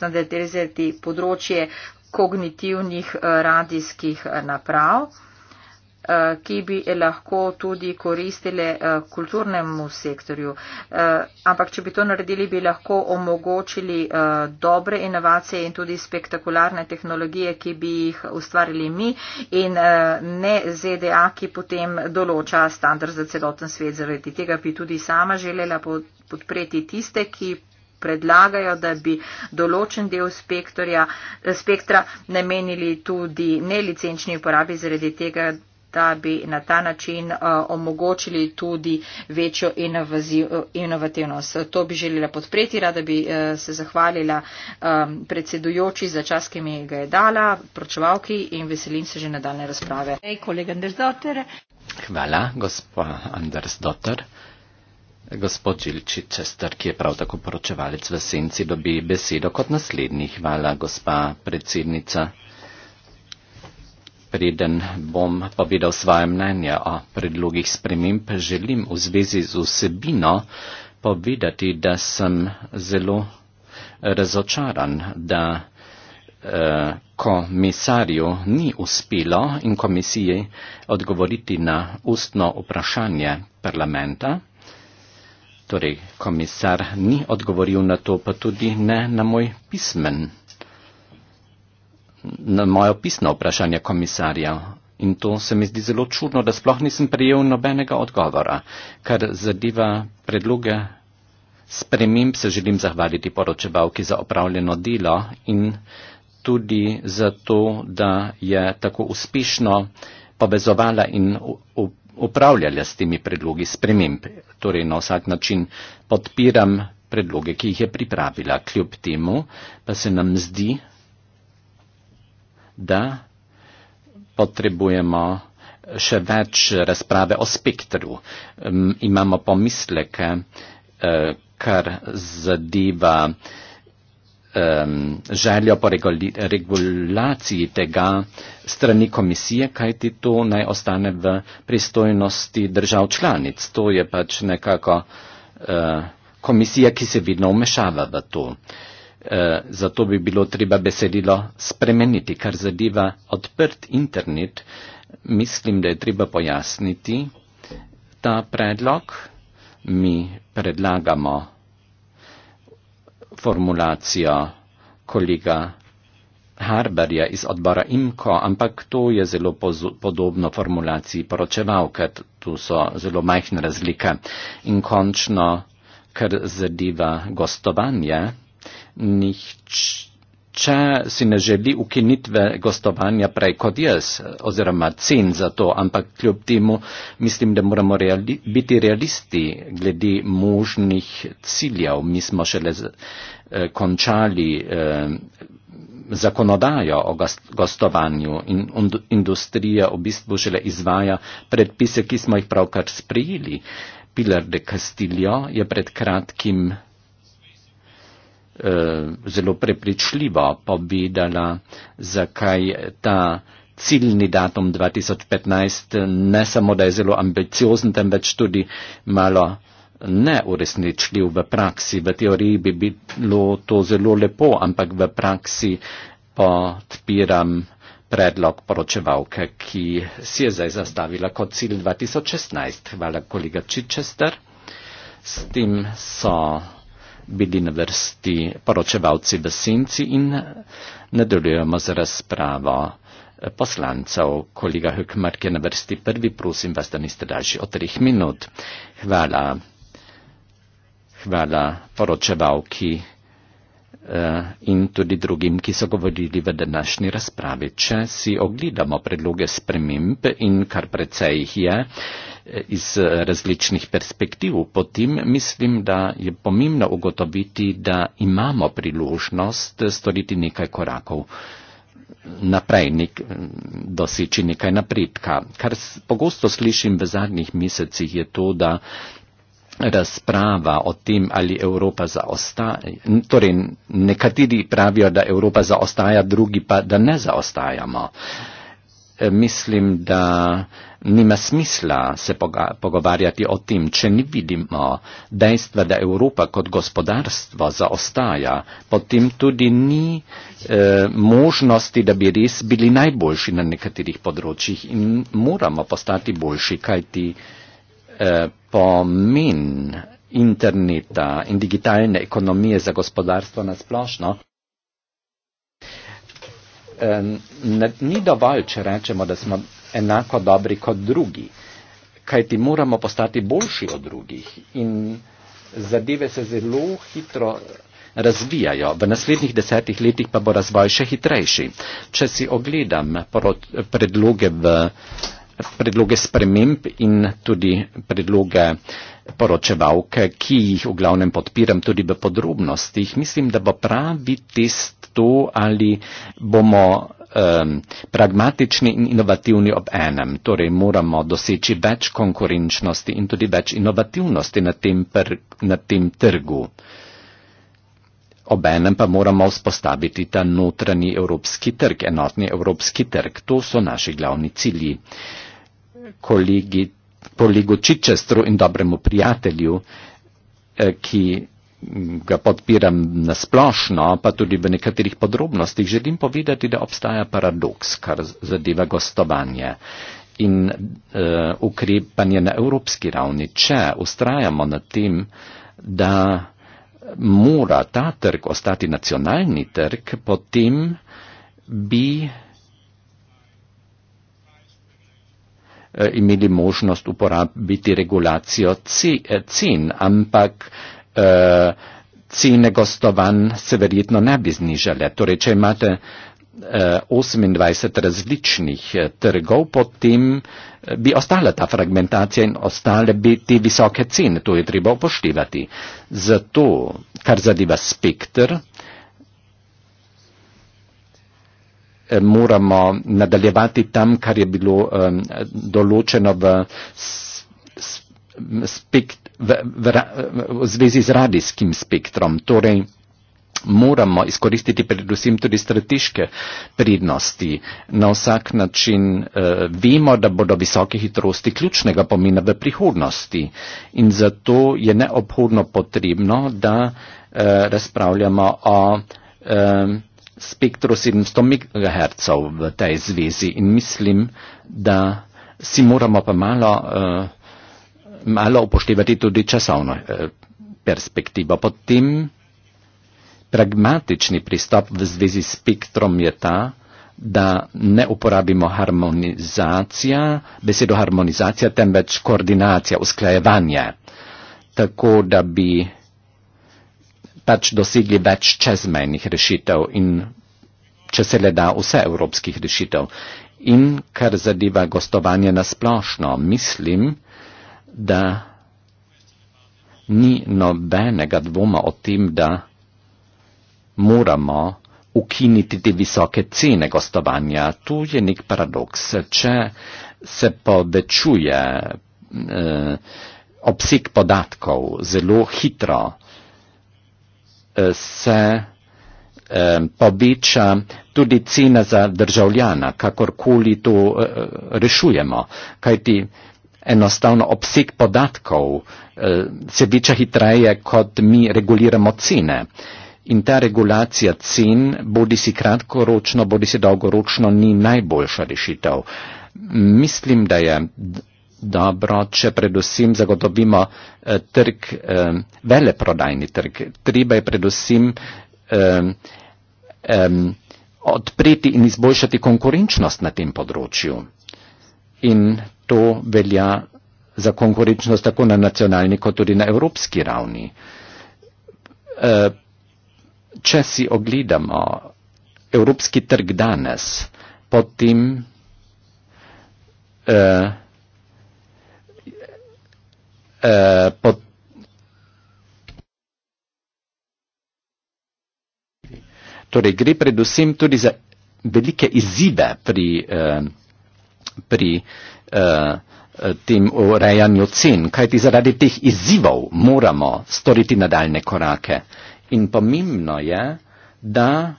S1: standardizirati področje kognitivnih radijskih naprav. Eh, ki bi lahko tudi koristile eh, kulturnemu sektorju. Eh, ampak, če bi to naredili, bi lahko omogočili dobre inovacije in tudi spektakularne tehnologije, ki bi jih ustvarili mi in ne ZDA, ki potem določa standard za celoten svet. Zaradi tega bi tudi sama želela podpreti tiste, ki predlagajo, da bi določen del spektra namenili tudi nelicenčni uporabi zaradi tega, da bi na ta način eh, omogočili tudi večjo inovativnost. To bi želela podpreti, rada bi eh, se zahvalila eh, predsedujoči za čas, ki mi ga je dala, pročevalki in veselim se že nadaljne razprave. Hey,
S3: Hvala, gospod Anders Dotter. Gospod Žilči Čester, ki je prav tako poročevalec v Senci, dobi besedo kot naslednji. Hvala, gospa predsednica preden bom povedal svoje mnenje o predlogih sprememb, želim v zvezi z vsebino povedati, da sem zelo eh, razočaran, da eh, komisarju ni uspelo in komisiji odgovoriti na ustno vprašanje parlamenta. Torej, komisar ni odgovoril na to, pa tudi ne na moj pismen na moje pisno vprašanje komisarja. In to se mi zdi zelo čudno, da sploh nisem prijel nobenega odgovora. Kar zadeva predloge sprememb, se želim zahvaliti poročevalki za opravljeno delo in tudi za to, da je tako uspešno povezovala in upravljala s temi predlogi sprememb. Torej na vsak način podpiram predloge, ki jih je pripravila. Kljub temu pa se nam zdi, da potrebujemo še več razprave o spektru. Imamo pomisleke, e, kar zadeva e, željo po regulaciji tega strani komisije, kajti to naj ostane v pristojnosti držav članic. To je pač nekako e, komisija, ki se vidno umešava v to. Eh, zato bi bilo treba besedilo spremeniti. Kar zadeva odprt internet, mislim, da je treba pojasniti ta predlog. Mi predlagamo formulacijo kolega Harbarja iz odbora IMKO, ampak to je zelo podobno formulaciji poročevalke, tu so zelo majhne razlike. In končno, kar zadeva gostovanje, nihče si ne želi ukinitve gostovanja prej kot jaz oziroma cen za to, ampak kljub temu mislim, da moramo reali biti realisti glede možnih ciljev. Mi smo šele eh, končali eh, zakonodajo o gostovanju in industrija v bistvu šele izvaja predpise, ki smo jih pravkar sprejeli. Pilar de Castillo je pred kratkim Eh, zelo prepričljivo povedala, zakaj ta ciljni datum 2015 ne samo, da je zelo ambiciozen, temveč tudi malo neuresničljiv v praksi. V teoriji bi bilo to zelo lepo, ampak v praksi podpiram predlog poročevalke, ki si je zdaj zastavila kot cilj 2016. Hvala, kolega Čičester. S tem so bili na vrsti poročevalci v senci in nadaljujemo z razpravo poslancev. Kolega Hökmark je na vrsti prvi, prosim vas, da niste daljši od treh minut. Hvala. Hvala poročevalki. Eh, in tudi drugim, ki so govorili v današnji razpravi. Če si ogledamo predloge sprememb in kar precej jih je eh, iz eh, različnih perspektiv, potem mislim, da je pomembno ugotoviti, da imamo priložnost storiti nekaj korakov naprej, nek, doseči nekaj napredka. Kar pogosto slišim v zadnjih mesecih je to, da razprava o tem, ali Evropa zaostaja. Torej, nekateri pravijo, da Evropa zaostaja, drugi pa, da ne zaostajamo. E, mislim, da nima smisla se pogovarjati o tem, če ni vidimo dejstva, da Evropa kot gospodarstvo zaostaja, potem tudi ni eh, možnosti, da bi res bili najboljši na nekaterih področjih in moramo postati boljši, kajti eh, Eh, po min interneta in digitalne ekonomije za gospodarstvo na splošno. Ni dovolj, če rečemo, da smo enako dobri kot drugi, kajti moramo postati boljši od drugih in zadeve se zelo hitro razvijajo. V naslednjih desetih letih pa bo razvoj še hitrejši. Če si ogledam predloge v predloge sprememb in tudi predloge poročevalke, ki jih v glavnem podpiram tudi v podrobnostih. Mislim, da bo pravi test to, ali bomo um, pragmatični in inovativni ob enem. Torej moramo doseči več konkurenčnosti in tudi več inovativnosti na tem, pr, na tem trgu. Obenem pa moramo vzpostaviti ta notranji evropski trg, enotni evropski trg. To so naši glavni cilji kolegi, kolegu Čičestru in dobremu prijatelju, eh, ki ga podpiram na splošno, pa tudi v nekaterih podrobnostih, želim povedati, da obstaja paradoks, kar zadeva gostovanje in uh, ukrepanje na evropski ravni. Če ustrajamo na tem, da mora ta trg ostati nacionalni trg, potem bi Eh, imeli možnost uporabiti regulacijo eh, cen, ampak eh, cene gostovanj se verjetno ne bi znižale. Torej, če imate 28 različnih trgov, potem bi ostala ta fragmentacija in ostale bi te visoke cene. To je treba upoštevati. Zato, kar zadeva spektr, Eh, moramo nadaljevati tam, kar je bilo um, določeno v, spekt, v, v, v, v zvezi z radijskim spektrom. Torej, moramo izkoristiti predvsem tudi strateške prednosti. Na vsak način uh, vemo, da bodo visoke hitrosti ključnega pomena v prihodnosti in zato je neobhodno potrebno, da uh, razpravljamo o uh, spektru 700 MHz v tej zvezi in mislim, da si moramo pa malo, uh, malo upoštevati tudi časovno uh, perspektivo. Potem pragmatični pristop v zvezi s spektrom je ta, da ne uporabimo harmonizacija, besedo harmonizacija, temveč koordinacija, usklajevanje. Tako da bi pač dosegli več čezmejnih rešitev in če se le da vse evropskih rešitev. In kar zadeva gostovanje na splošno, mislim, da ni nobenega dvoma o tem, da moramo ukiniti te visoke cene gostovanja. Tu je nek paradoks. Če se povečuje eh, obseg podatkov zelo hitro, se poveča tudi cena za državljana, kakorkoli to e, e, rešujemo, kajti enostavno obseg podatkov e, se veča hitreje, kot mi reguliramo cene. In ta regulacija cen, bodi si kratkoročno, bodi si dolgoročno, ni najboljša rešitev. Mislim, da je dobro, če predvsem zagotovimo eh, trg, eh, veleprodajni trg. Treba je predvsem eh, eh, odpreti in izboljšati konkurenčnost na tem področju. In to velja za konkurenčnost tako na nacionalni, kot tudi na evropski ravni. Eh, če si ogledamo evropski trg danes, potem eh, eh, pot... torej gre predvsem tudi za velike izzive pri, eh, pri eh, tem urejanju cen, kajti zaradi teh izzivov moramo storiti nadaljne korake. In pomembno je, da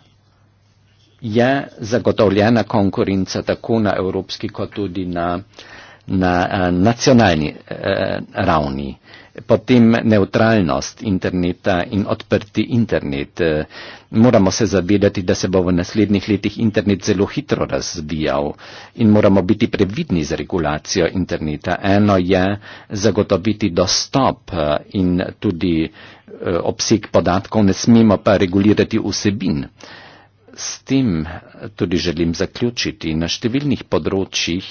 S3: je zagotovljena konkurenca tako na evropski kot tudi na eh, na a, eh, nacionalni a, eh, ravni. Potem neutralnost interneta in odprti internet. Eh, moramo se zavedati, da se bo v naslednjih letih internet zelo hitro razvijal in moramo biti previdni z regulacijo interneta. Eno je zagotoviti dostop in tudi obseg podatkov, ne smemo pa regulirati vsebin. S tem tudi želim zaključiti na številnih področjih,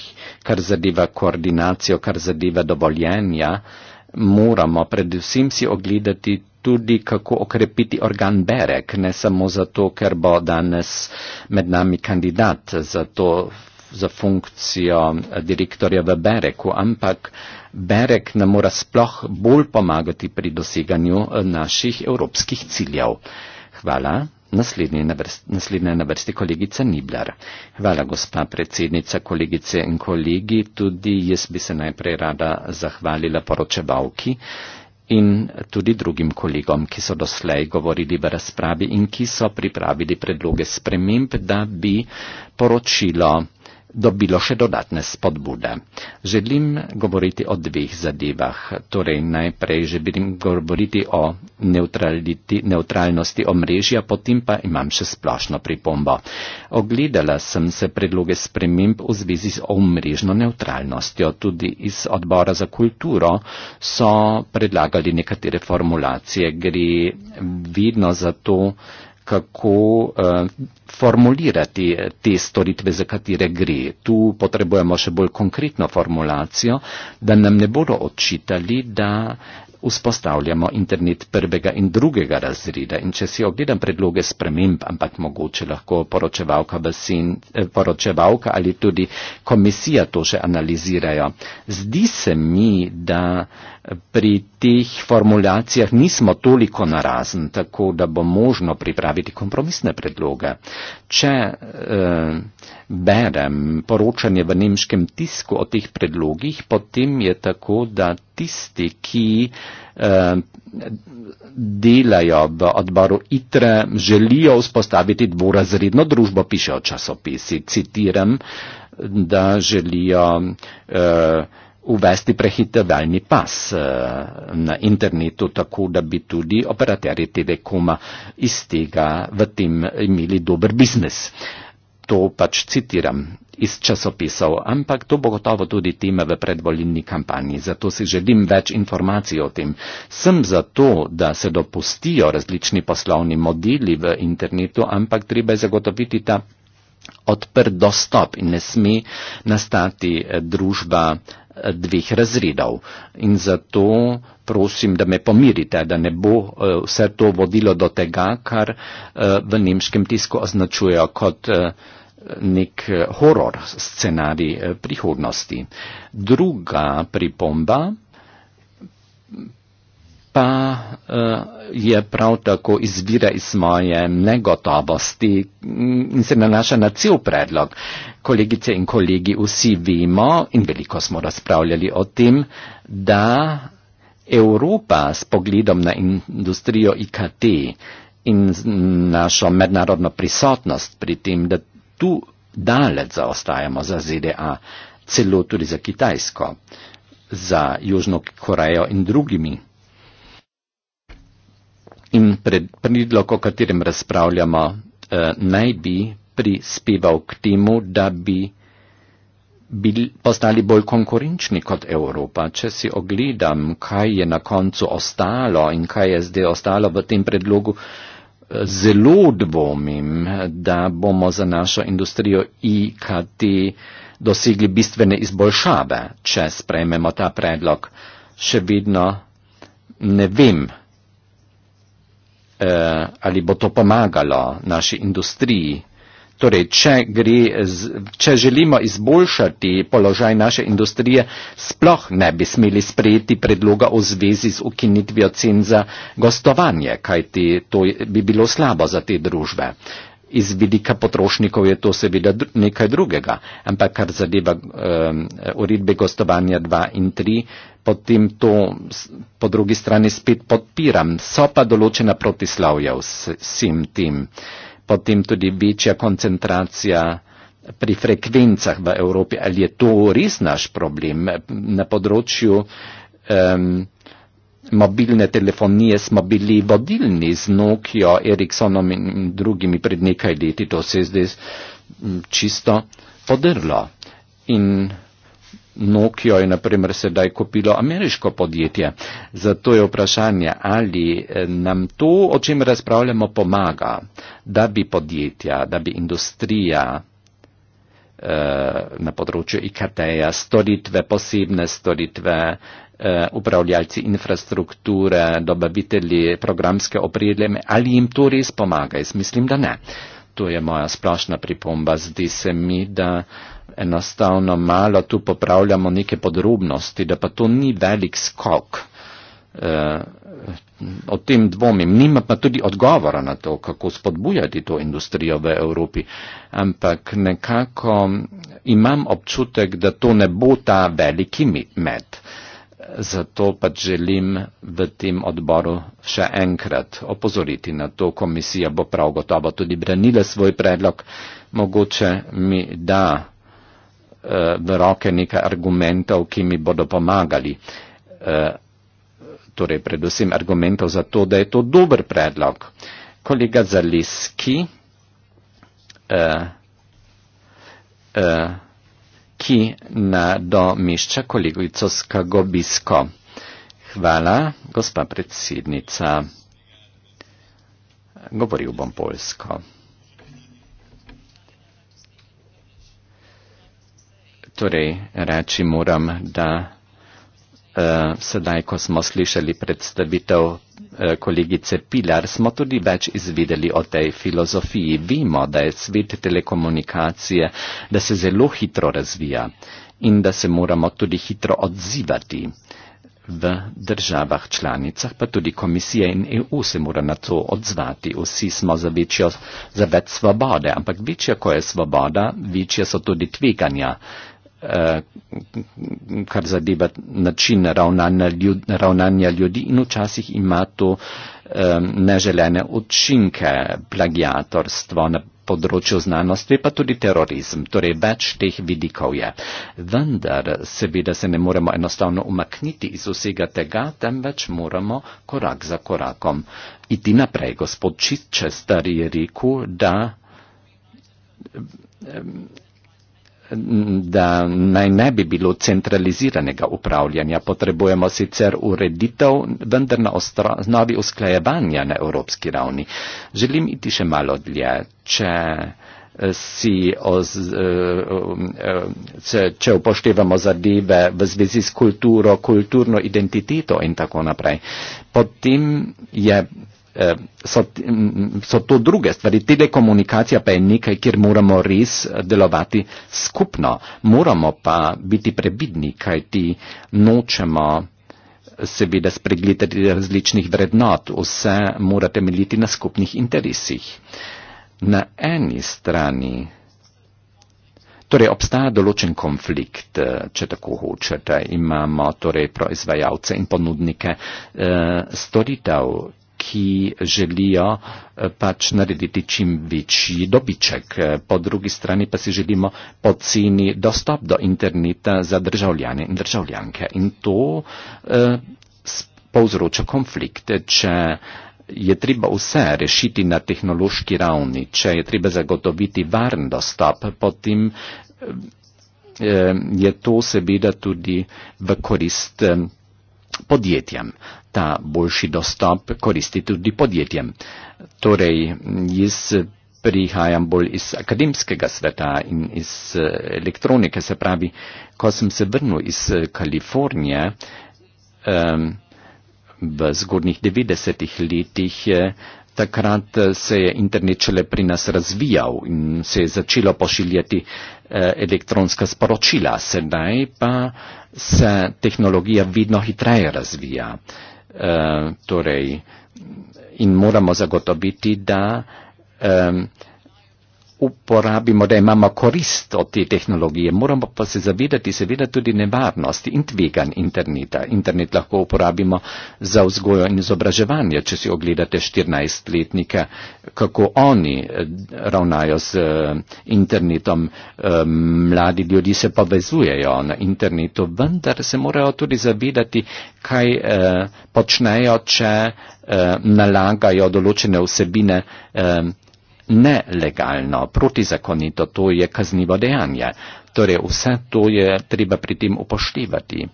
S3: kar zadeva koordinacijo, kar zadeva dovoljenja, moramo predvsem si ogledati tudi, kako okrepiti organ Berek, ne samo zato, ker bo danes med nami kandidat za to za funkcijo direktorja v Bereku, ampak Berek nam mora sploh bolj pomagati pri doseganju naših evropskih ciljev. Hvala. Naslednji na vrst, naslednja na vrsti kolegica Niblar. Hvala, gospa predsednica, kolegice in kolegi. Tudi jaz bi se najprej rada zahvalila poročevalki in tudi drugim kolegom, ki so doslej govorili v razpravi in ki so pripravili predloge sprememb, da bi poročilo dobilo še dodatne spodbude. Želim govoriti o dveh zadevah. Torej najprej želim govoriti o neutralnosti omrežja, potem pa imam še splošno pripombo. Ogledala sem se predloge sprememb v zvezi z omrežno neutralnostjo. Tudi iz odbora za kulturo so predlagali nekatere formulacije. Gre vidno za to, kako eh, formulirati te storitve, za katere gre. Tu potrebujemo še bolj konkretno formulacijo, da nam ne bodo očitali, da vzpostavljamo internet prvega in drugega razreda. In če si ogledam predloge sprememb, ampak mogoče lahko poročevalka, sen, eh, poročevalka ali tudi komisija to že analizirajo, zdi se mi, da pri teh formulacijah nismo toliko narazen, tako da bo možno pripraviti kompromisne predloge. Če eh, berem poročanje v nemškem tisku o teh predlogih, potem je tako, da tisti, ki eh, delajo v odboru ITRE, želijo vzpostaviti dvorazredno družbo, pišejo časopisi. Citiram, da želijo. Eh, uvesti prehitevalni pas eh, na internetu, tako da bi tudi operaterji telekoma iz tega v tem imeli dober biznis. To pač citiram iz časopisov, ampak to bo gotovo tudi tema v predvoljeni kampanji, zato si želim več informacij o tem. Sem za to, da se dopustijo različni poslovni modeli v internetu, ampak treba je zagotoviti ta odprt dostop in ne sme nastati eh, družba dveh razredov. In zato prosim, da me pomirite, da ne bo eh, vse to vodilo do tega, kar eh, v nemškem tisku označujejo kot eh, nek horor scenarij prihodnosti. Druga pripomba pa uh, je prav tako izvira iz moje negotovosti in se nanaša na cel predlog. Kolegice in kolegi, vsi vemo in veliko smo razpravljali o tem, da Evropa s pogledom na industrijo IKT in našo mednarodno prisotnost pri tem, da tu daleč zaostajamo za ZDA, celo tudi za Kitajsko, za Južno Korejo in drugimi In predlog, o katerem razpravljamo, eh, naj bi prispeval k temu, da bi bili, postali bolj konkurenčni kot Evropa. Če si ogledam, kaj je na koncu ostalo in kaj je zdaj ostalo v tem predlogu, eh, zelo dvomim, da bomo za našo industrijo IKT dosegli bistvene izboljšave, če sprejmemo ta predlog. Še vedno ne vem, eh, ali bo to pomagalo naši industriji. Torej, če, gre, če želimo izboljšati položaj naše industrije, sploh ne bi smeli sprejeti predloga v zvezi z ukinitvijo cen za gostovanje, kajti to bi bilo slabo za te družbe. Iz vidika potrošnikov je to seveda nekaj drugega, ampak kar zadeva um, uredbe gostovanja 2 in 3, potem to po drugi strani spet podpiram. So pa določena protislavja vsem tem. Potem tudi večja koncentracija pri frekvencah v Evropi. Ali je to res naš problem na področju? Um, mobilne telefonije smo bili vodilni z Nokio, Ericssonom in drugimi pred nekaj leti. To se je zdaj čisto podrlo. In Nokio je naprimer sedaj kupilo ameriško podjetje. Zato je vprašanje, ali eh, nam to, o čem razpravljamo, pomaga, da bi podjetja, da bi industrija eh, na področju IKT-ja, storitve, posebne storitve, Eh, upravljalci infrastrukture, dobavitelji programske opreme, ali jim to res pomaga. Jaz mislim, da ne. To je moja splošna pripomba. Zdi se mi, da enostavno malo tu popravljamo neke podrobnosti, da pa to ni velik skok. Eh, o tem dvomim. Nima pa tudi odgovora na to, kako spodbujati to industrijo v Evropi. Ampak nekako imam občutek, da to ne bo ta veliki med. Uh, zato pa želim v tem odboru še enkrat opozoriti na to, komisija bo prav gotovo tudi branila svoj predlog, mogoče mi da eh, v roke nekaj argumentov, ki mi bodo pomagali, eh, torej predvsem argumentov za to, da je to dober predlog. Kolega Zaliski, eh, eh, ki nadomešča kolegico Skagobisko. Hvala, gospa predsednica. Govoril bom polsko. Torej, reči moram, da Eh, sedaj, ko smo slišali predstavitev eh, kolegice Pilar, smo tudi več izvedeli o tej filozofiji. Vemo, da je svet telekomunikacije, da se zelo hitro razvija in da se moramo tudi hitro odzivati. V državah članicah pa tudi komisije in EU se mora na to odzvati. Vsi smo za, večjo, za več svobode, ampak večja, ko je svoboda, večja so tudi tveganja. Eh, kar zadeva način ravnanja ljudi in včasih ima to eh, neželene učinke, plagiatorstvo na področju znanosti, pa tudi terorizem. Torej več teh vidikov je. Vendar seveda se ne moremo enostavno umakniti iz vsega tega, temveč moramo korak za korakom iti naprej. Gospod Čistčestar je rekel, da da naj ne bi bilo centraliziranega upravljanja. Potrebujemo sicer ureditev, vendar na osnovi usklajevanja na evropski ravni. Želim iti še malo dlje. Če, eh, si, eh, eh, če, če upoštevamo zadeve v zvezi s kulturo, kulturno identiteto in tako naprej, potem je Eh, so, so to druge stvari. Telekomunikacija pa je nekaj, kjer moramo res eh, delovati skupno. Moramo pa biti prebidni, kaj ti nočemo eh, seveda spregledati različnih vrednot. Vse mora temeljiti na skupnih interesih. Na eni strani. Torej, obstaja določen konflikt, če tako hočete. Imamo torej proizvajalce in ponudnike e, storitev, ki želijo eh, pač narediti čim večji dobiček. Eh, po drugi strani pa si želimo poceni dostop do interneta za državljane in državljanke. In to eh, povzroča konflikte, če je treba vse rešiti na tehnološki ravni, če je treba zagotoviti varen dostop, potem eh, je to seveda tudi v korist. Eh, podjetjem. Ta boljši dostop koristi tudi podjetjem. Torej, jaz prihajam bolj iz akademskega sveta in iz eh, elektronike, se pravi, ko sem se vrnil iz eh, Kalifornije um, v zgodnjih 90-ih letih, eh, takrat eh, se je internet šele pri nas razvijal in se je začelo pošiljati eh, elektronska sporočila. Sedaj pa se tehnologija vedno hitreje razvija. Eh, torej, in moramo zagotoviti, da uporabimo, da imamo korist od te tehnologije, moramo pa se zavedati seveda tudi nevarnosti in tvegan interneta. Internet lahko uporabimo za vzgojo in izobraževanje, če si ogledate 14-letnika, kako oni eh, ravnajo z eh, internetom. Eh, mladi ljudi se povezujejo na internetu, vendar se morajo tudi zavedati, kaj počnejo, če nalagajo določene vsebine nelegalno, protizakonito, to je kaznivo dejanje. Torej vse to je treba pri tem upoštevati.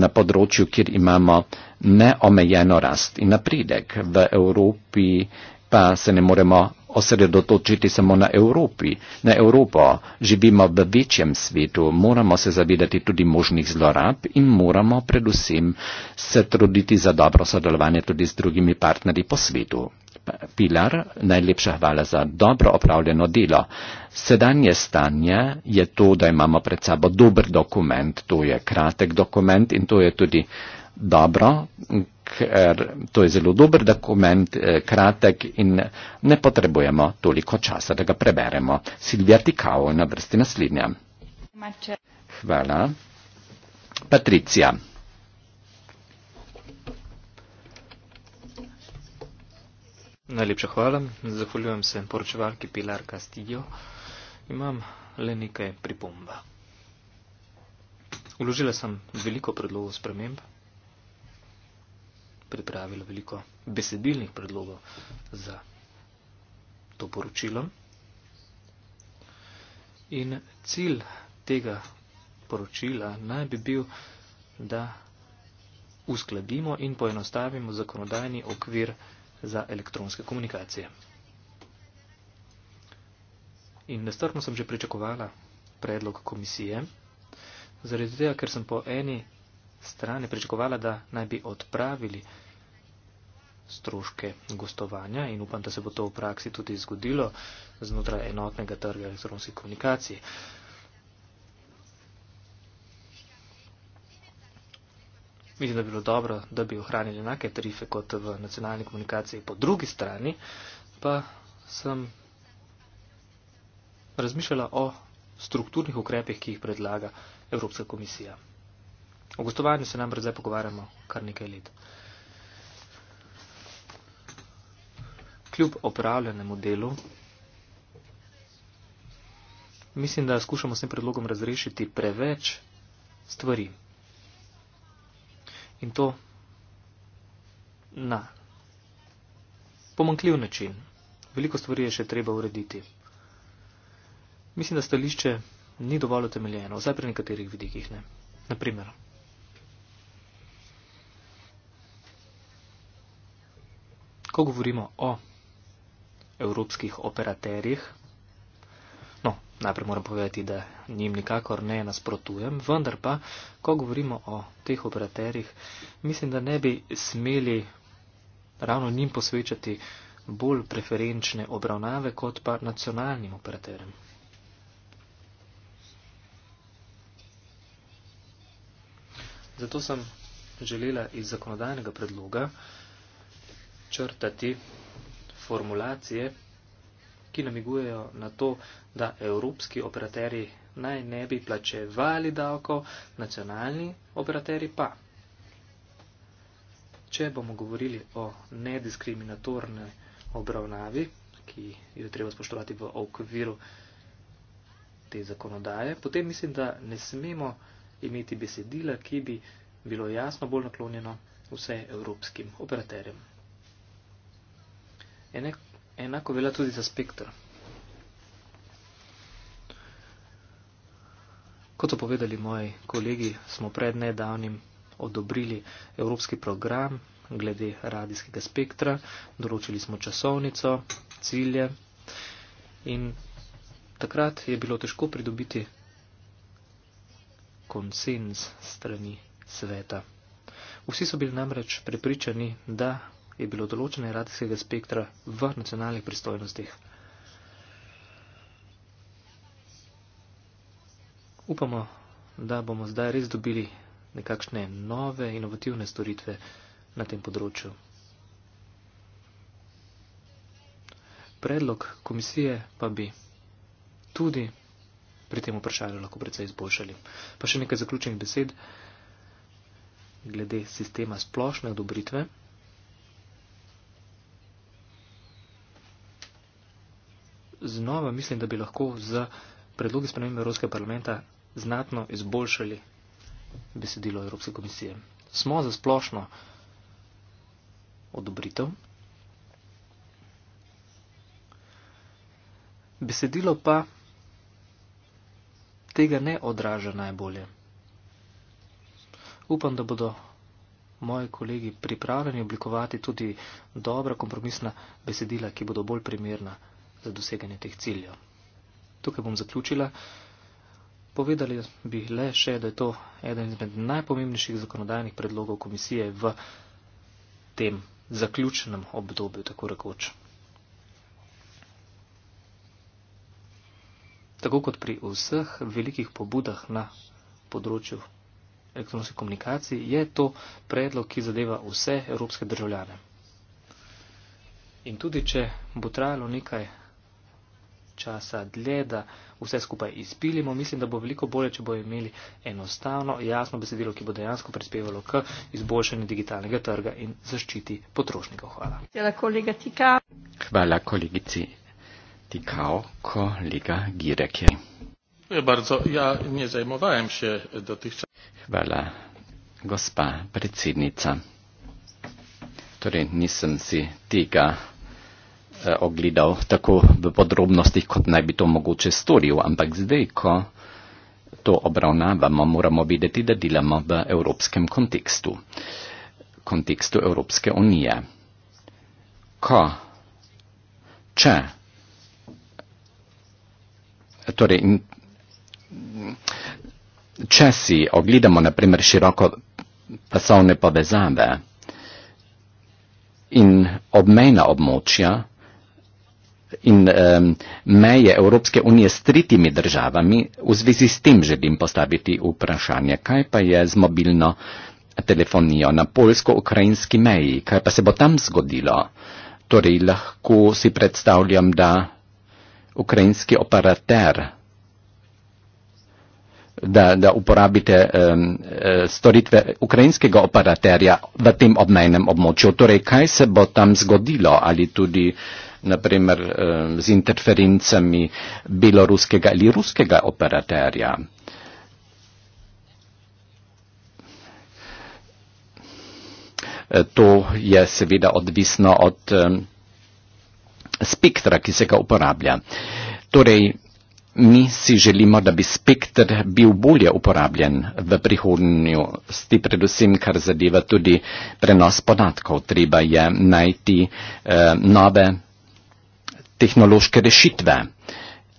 S3: Na področju, kjer imamo neomejeno rast in napredek, v Evropi pa se ne moremo osredotočiti samo na Evropi, na Evropo. Živimo v večjem svetu, moramo se zavedati tudi možnih zlorab in moramo predvsem se truditi za dobro sodelovanje tudi z drugimi partnerji po svetu. Pilar, najlepša hvala za dobro opravljeno delo. Sedanje stanje je to, da imamo pred sabo dober dokument, to je kratek dokument in to je tudi dobro, ker to je zelo dober dokument, eh, kratek in ne potrebujemo toliko časa, da ga preberemo. Silvija Tikao je na vrsti naslednja. Hvala. Patricija.
S2: Najlepša hvala. Zahvaljujem se poročevalki Pilar Castillo. Imam le nekaj pripomba. Uložila sem veliko predlogov sprememb, pripravilo veliko besedilnih predlogov za to poročilo. In cilj tega poročila naj bi bil, da uskladimo in poenostavimo zakonodajni okvir za elektronske komunikacije. In nestrpno sem že pričakovala predlog komisije, zaradi tega, ker sem po eni strani pričakovala, da naj bi odpravili stroške gostovanja in upam, da se bo to v praksi tudi zgodilo znotraj enotnega trga elektronskih komunikacij. Mislim, da bi bilo dobro, da bi ohranili enake tarife kot v nacionalni komunikaciji. Po drugi strani pa sem razmišljala o strukturnih ukrepih, ki jih predlaga Evropska komisija. O gostovanju se nam zdaj pogovarjamo kar nekaj let. kljub opravljenemu delu, mislim, da skušamo s tem predlogom razrešiti preveč stvari. In to na pomankljiv način. Veliko stvari je še treba urediti. Mislim, da stališče ni dovolj utemeljeno, vsaj pri nekaterih vidikih ne. Naprimer. Ko govorimo o evropskih operaterjih. No, najprej moram povedati, da njim nikakor ne nasprotujem, vendar pa, ko govorimo o teh operaterjih, mislim, da ne bi smeli ravno njim posvečati bolj preferenčne obravnave kot pa nacionalnim operaterjem. Zato sem želela iz zakonodajnega predloga črtati formulacije, ki namigujejo na to, da evropski operaterji naj ne bi plačevali davkov, nacionalni operaterji pa. Če bomo govorili o nediskriminatorni obravnavi, ki jo treba spoštovati v okviru te zakonodaje, potem mislim, da ne smemo imeti besedila, ki bi bilo jasno bolj naklonjeno vse evropskim operaterjem. Enako, enako velja tudi za spektr. Kot so povedali moji kolegi, smo pred nedavnim odobrili evropski program glede radijskega spektra, določili smo časovnico, cilje in takrat je bilo težko pridobiti konsens strani sveta. Vsi so bili namreč prepričani, da je bilo določene radijskega spektra v nacionalnih pristojnostih. Upamo, da bomo zdaj res dobili nekakšne nove inovativne storitve na tem področju. Predlog komisije pa bi tudi pri tem vprašanju lahko precej izboljšali. Pa še nekaj zaključenih besed glede sistema splošne odobritve. znova mislim, da bi lahko z predlogi spremembe Evropskega parlamenta znatno izboljšali besedilo Evropske komisije. Smo za splošno odobritev. Besedilo pa tega ne odraža najbolje. Upam, da bodo moji kolegi pripravljeni oblikovati tudi dobra kompromisna besedila, ki bodo bolj primerna za doseganje teh ciljev. Tukaj bom zaključila. Povedali bi le še, da je to eden izmed najpomembnejših zakonodajnih predlogov komisije v tem zaključenem obdobju, tako rekoč. Tako kot pri vseh velikih pobudah na področju elektronskih komunikacij, je to predlog, ki zadeva vse evropske državljane. In tudi, če bo trajalo nekaj časa dlje, da vse skupaj izpilimo. Mislim, da bo veliko bolje, če bomo imeli enostavno, jasno besedilo, ki bo dejansko prispevalo k izboljšanju digitalnega trga in zaščiti potrošnikov. Hvala.
S1: Hvala, kolega Tika.
S3: Hvala, kolegici Tikao, kolega Girekje. Bardzo, ja nie zajmowałem się dotychczas. Chwala, gospa, predsiednica. Torej, nisem si tega. Eh, ogledal tako v podrobnostih, kot naj bi to mogoče storil, ampak zdaj, ko to obravnavamo, moramo videti, da delamo v evropskem kontekstu, kontekstu Evropske unije. Ko, če, torej, če si ogledamo naprimer široko pasovne povezave in obmejna območja, In um, meje Evropske unije s tretjimi državami, v zvezi s tem želim postaviti vprašanje, kaj pa je z mobilno telefonijo na polsko-ukrajinski meji, kaj pa se bo tam zgodilo. Torej lahko si predstavljam, da ukrajinski operater, da, da uporabite um, storitve ukrajinskega operaterja v tem obmejnem območju. Torej, kaj se bo tam zgodilo ali tudi na primer eh, z interferencami beloruskega ali ruskega operaterja. Eh, to je seveda odvisno od eh, spektra, ki se ga uporablja. Torej, mi si želimo, da bi spektr bil bolje uporabljen v prihodnosti, predvsem kar zadeva tudi prenos podatkov. Treba je najti eh, nove tehnološke rešitve.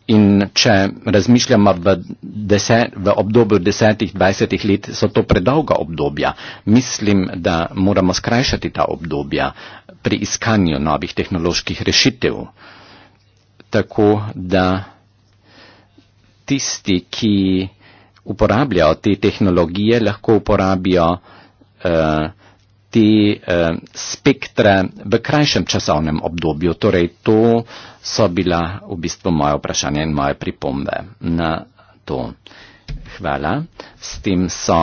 S3: In če razmišljamo v, deset, v obdobju desetih, dvajsetih let, so to predolga obdobja. Mislim, da moramo skrajšati ta obdobja pri iskanju novih tehnoloških rešitev. Tako da tisti, ki uporabljajo te tehnologije, lahko uporabijo uh, te eh, spektre v krajšem časovnem obdobju. Torej, to so bila v bistvu moje vprašanje in moje pripombe na to. Hvala. S tem so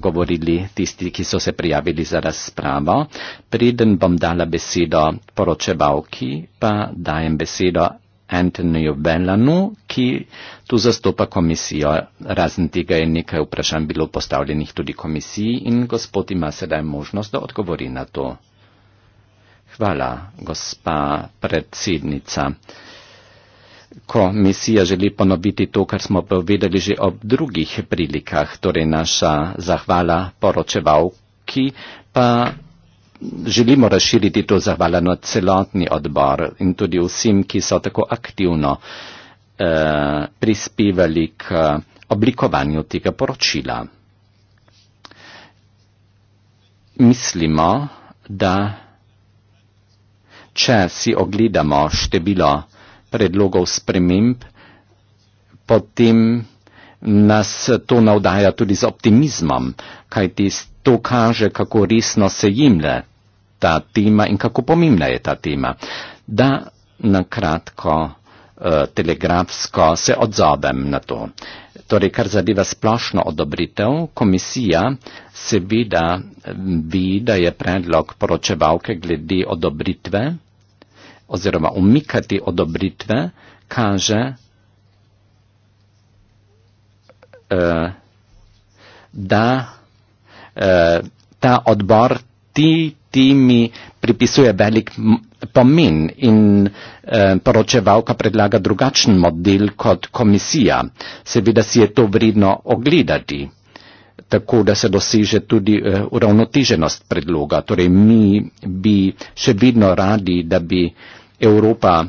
S3: govorili tisti, ki so se prijavili za razpravo. Preden bom dala besedo poročevalki, pa dajem besedo Antonyju Bellanu, ki tu zastopa komisijo. Razen tega je nekaj vprašanj bilo postavljenih tudi komisiji in gospod ima sedaj možnost, da odgovori na to. Hvala, gospa predsednica. Komisija želi ponoviti to, kar smo povedali že ob drugih prilikah, torej naša zahvala poročevalki, pa želimo razširiti to zahvalo na celotni odbor in tudi vsem, ki so tako aktivno eh, prispevali k oblikovanju tega poročila. Mislimo, da če si ogledamo število predlogov sprememb, potem nas to navdaja tudi z optimizmom, kajti to kaže, kako resno se jemlje ta tema in kako pomembna je ta tema. Da na kratko eh, telegrafsko se odzovem na to. Torej, kar zadeva splošno odobritev, komisija seveda eh, ve, da je predlog poročevalke glede odobritve oziroma umikati odobritve kaže, eh, da ta odbor ti temi pripisuje velik pomen in eh, poročevalka predlaga drugačen model kot komisija. Seveda si je to vredno ogledati, tako da se doseže tudi eh, uravnoteženost predloga. Torej mi bi še vedno radi, da bi Evropa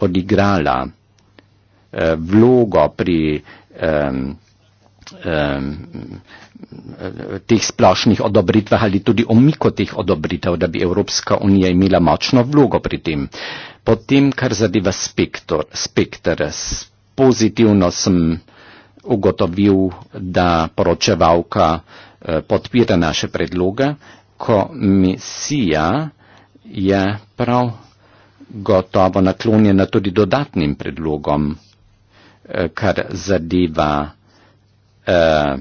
S3: odigrala eh, vlogo pri eh, Ehm, teh splošnih odobritvah ali tudi omiko teh odobritev, da bi Evropska unija imela močno vlogo pri tem. Potem, kar zadeva spektr, spektr pozitivno sem ugotovil, da poročevalka eh, podpira naše predloge, komisija je prav gotovo naklonjena tudi dodatnim predlogom, eh, kar zadeva Eh,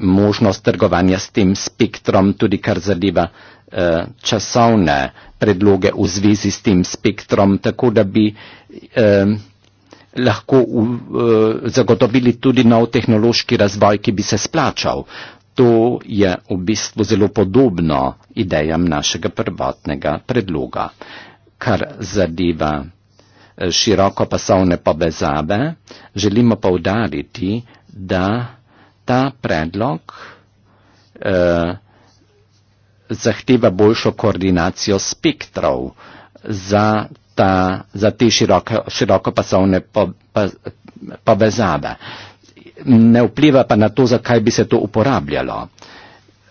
S3: možnost trgovanja s tem spektrom, tudi kar zadeva eh, časovne predloge v zvezi s tem spektrom, tako da bi eh, lahko v, eh, zagotovili tudi nov tehnološki razvoj, ki bi se splačal. To je v bistvu zelo podobno idejam našega prvotnega predloga. Kar zadeva eh, široko pasovne povezave, želimo pa udariti, da ta predlog eh, zahteva boljšo koordinacijo spektrov za, ta, za te široke, širokopasovne po, pa, povezave. Ne vpliva pa na to, zakaj bi se to uporabljalo.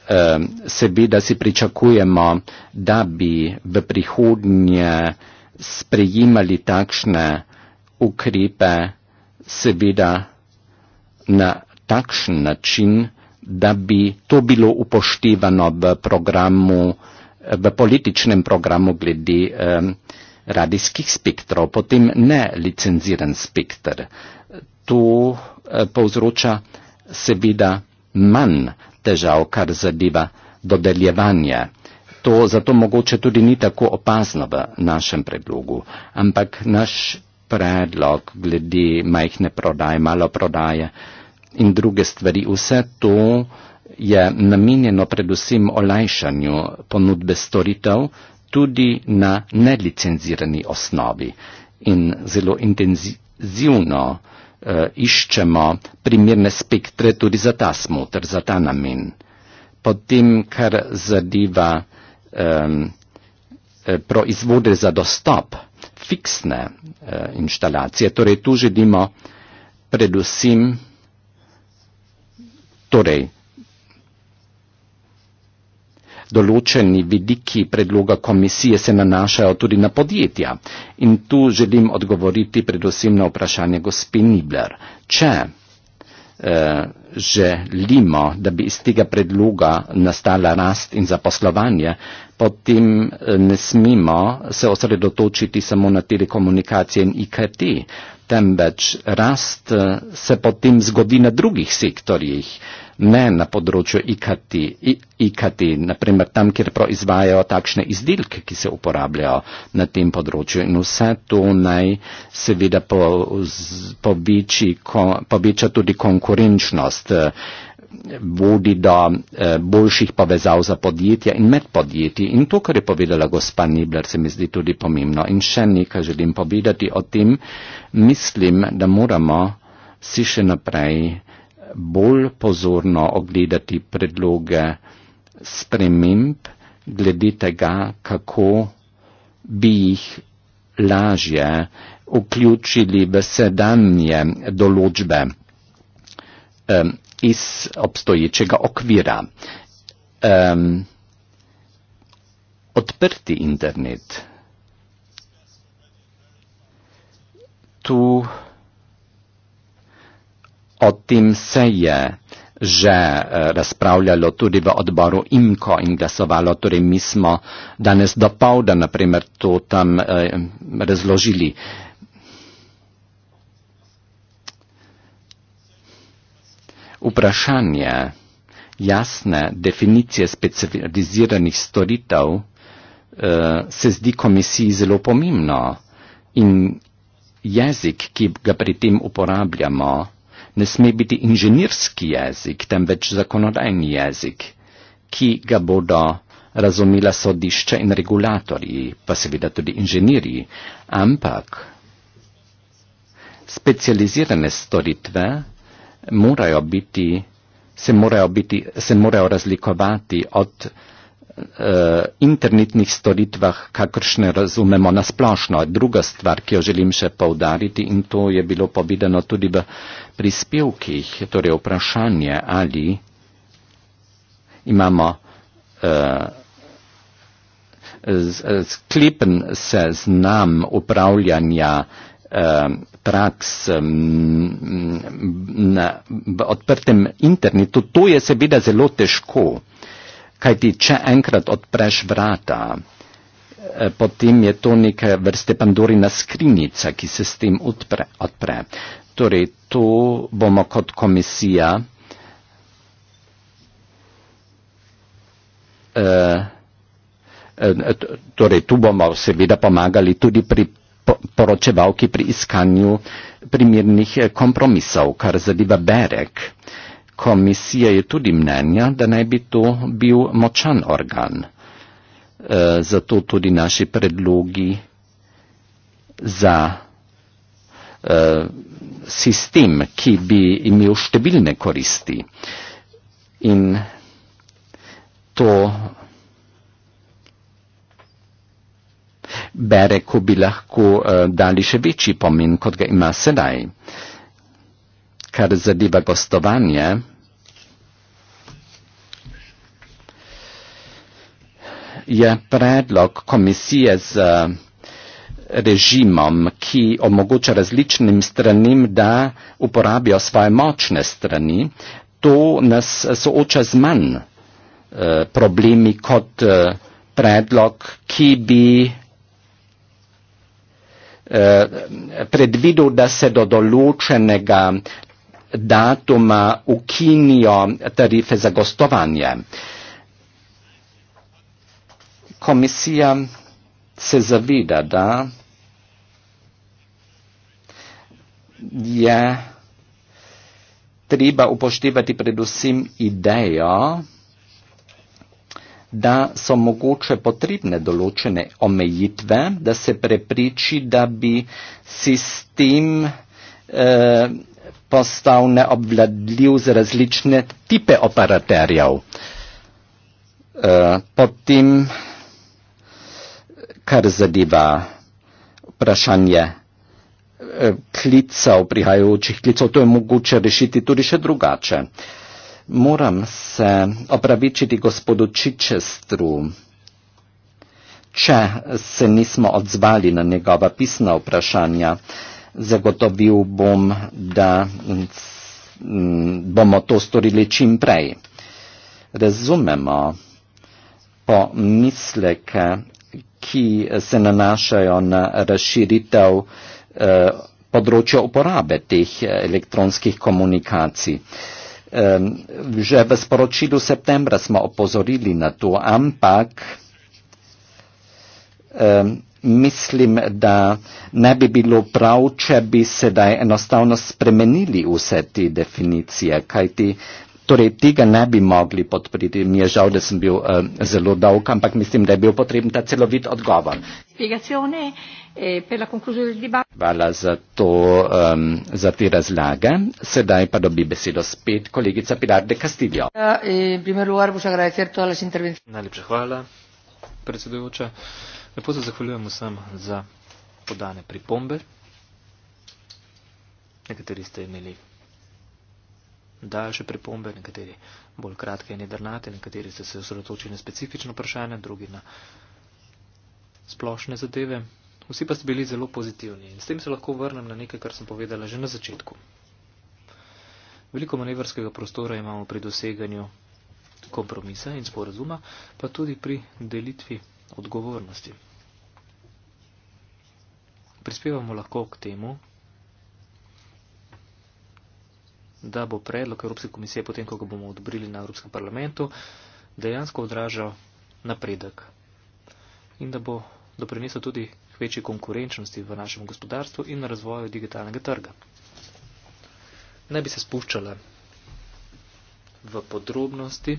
S3: Eh, Seveda si pričakujemo, da bi v prihodnje sprejemali takšne ukrepe, seveda na takšen način, da bi to bilo upoštevano v programu, v političnem programu glede eh, radijskih spektrov, potem ne licenziran spektr. To eh, povzroča seveda manj težav, kar zadeva dodeljevanje. To zato mogoče tudi ni tako opazno v našem predlogu, ampak naš predlog glede majhne prodaje, malo prodaje, eh, in druge stvari. Vse to je namenjeno predvsem olajšanju ponudbe storitev tudi na nelicenzirani osnovi in zelo intenzivno uh, iščemo primerne spektre tudi za ta smotr, za ta namen. Potem, kar zadeva um, proizvode za dostop, fiksne uh, inštalacije, torej tu želimo predvsem Torej, določeni vidiki predloga komisije se nanašajo tudi na podjetja in tu želim odgovoriti predvsem na vprašanje gospe Nibler. Če eh, želimo, da bi iz tega predloga nastala rast in zaposlovanje, potem eh, ne smemo se osredotočiti samo na telekomunikacije in IKT temveč rast eh, se potem zgodi na drugih sektorjih, ne na področju IKT, IKT naprimer tam, kjer proizvajajo takšne izdelke, ki se uporabljajo na tem področju. In vse to naj seveda poveča tudi konkurenčnost. Eh, vodi do eh, boljših povezav za podjetja in med podjetji. In to, kar je povedala gospa Nibler, se mi zdi tudi pomembno. In še nekaj želim povedati o tem. Mislim, da moramo si še naprej bolj pozorno ogledati predloge sprememb glede tega, kako bi jih lažje vključili v sedanje določbe. Eh, iz obstoječega okvira. Um, odprti internet. Tu o tem se je že eh, razpravljalo tudi v odboru IMKO in glasovalo, torej mi smo danes do povda, naprimer, to tam eh, razložili. Eh, vprašanje jasne definicije specializiranih storitev eh, se zdi komisiji zelo pomembno in jezik, ki ga pri tem uporabljamo, ne sme biti inženirski jezik, temveč zakonodajni jezik, ki ga bodo razumela sodišče in regulatorji, pa seveda tudi inženirji, ampak specializirane storitve morajo biti, se morajo, biti, se morajo razlikovati od eh, internetnih storitvah, kakršne razumemo na splošno. Druga stvar, ki jo želim še povdariti, in to je bilo povedano tudi v prispevkih, torej vprašanje, ali imamo uh, sklepen seznam upravljanja uh, Ehm, praks ehm, na odprtem internetu, to je seveda zelo težko, kajti če enkrat odpreš vrata, eh, potem je to neke vrste Pandorina skrinjica, ki se s tem odpre. odpre. Torej, to bomo kot komisija eh, eh, Torej, tu bomo seveda pomagali tudi pri poročevalki pri iskanju primernih eh, kompromisov, kar zadeva Berek. Komisija je tudi mnenja, da naj bi to bil močan organ. Eh, zato tudi naši predlogi za eh, sistem, ki bi imel številne koristi. In to bere, ko bi lahko uh, dali še večji pomen, kot ga ima sedaj. Kar zadeva gostovanje, je predlog komisije z eh, režimom, ki omogoča različnim stranim, da uporabijo svoje močne strani, to nas eh, sooča z manj eh, problemi kot eh, predlog, ki bi Eh, predvidel, da se do določenega datuma ukinijo tarife za gostovanje. Komisija se zavida, da je treba upoštevati predvsem idejo, da so mogoče potrebne določene omejitve, da se prepriči, da bi sistem eh, postal neobvladljiv za različne tipe operaterjev. Eh, potem, kar zadeva vprašanje eh, klicev, prihajajočih klicev, to je mogoče rešiti tudi še drugače. Eh, moram se opravičiti gospodu Čičestru, če se nismo odzvali na njegova pisna vprašanja. Zagotovil bom, da bomo to storili čim prej. Razumemo pomisleke, ki se nanašajo na razširitev eh, področja uporabe teh elektronskih komunikacij že v sporočilu septembra smo opozorili na to, ampak mislim, da ne bi bilo prav, če bi sedaj enostavno spremenili vse te definicije, kajti Torej, tega ne bi mogli podpriti. Mi je žal, da sem bil um, zelo dolg, ampak mislim, da je bil potreben ta celovit odgovor.
S1: Eh,
S3: hvala za, to, um, za te razlage. Sedaj pa dobi besedo spet kolegica Pilar de Castillo.
S1: Ja, eh,
S2: Najlepša hvala, predsedujoča. Lepo se zahvaljujem vsem za podane pripombe. Nekateri ste imeli dajo še pripombe, nekateri bolj kratke in jedrnate, nekateri se osredotočili na specifično vprašanje, drugi na splošne zadeve. Vsi pa ste bili zelo pozitivni in s tem se lahko vrnem na nekaj, kar sem povedala že na začetku. Veliko manevrskega prostora imamo pri doseganju kompromisa in sporazuma, pa tudi pri delitvi odgovornosti. Prispevamo lahko k temu, da bo predlog Evropske komisije, potem, ko ga bomo odobrili na Evropskem parlamentu, dejansko odražal napredek in da bo doprinesel tudi k večji konkurenčnosti v našem gospodarstvu in razvoju digitalnega trga. Ne bi se spuščala v podrobnosti,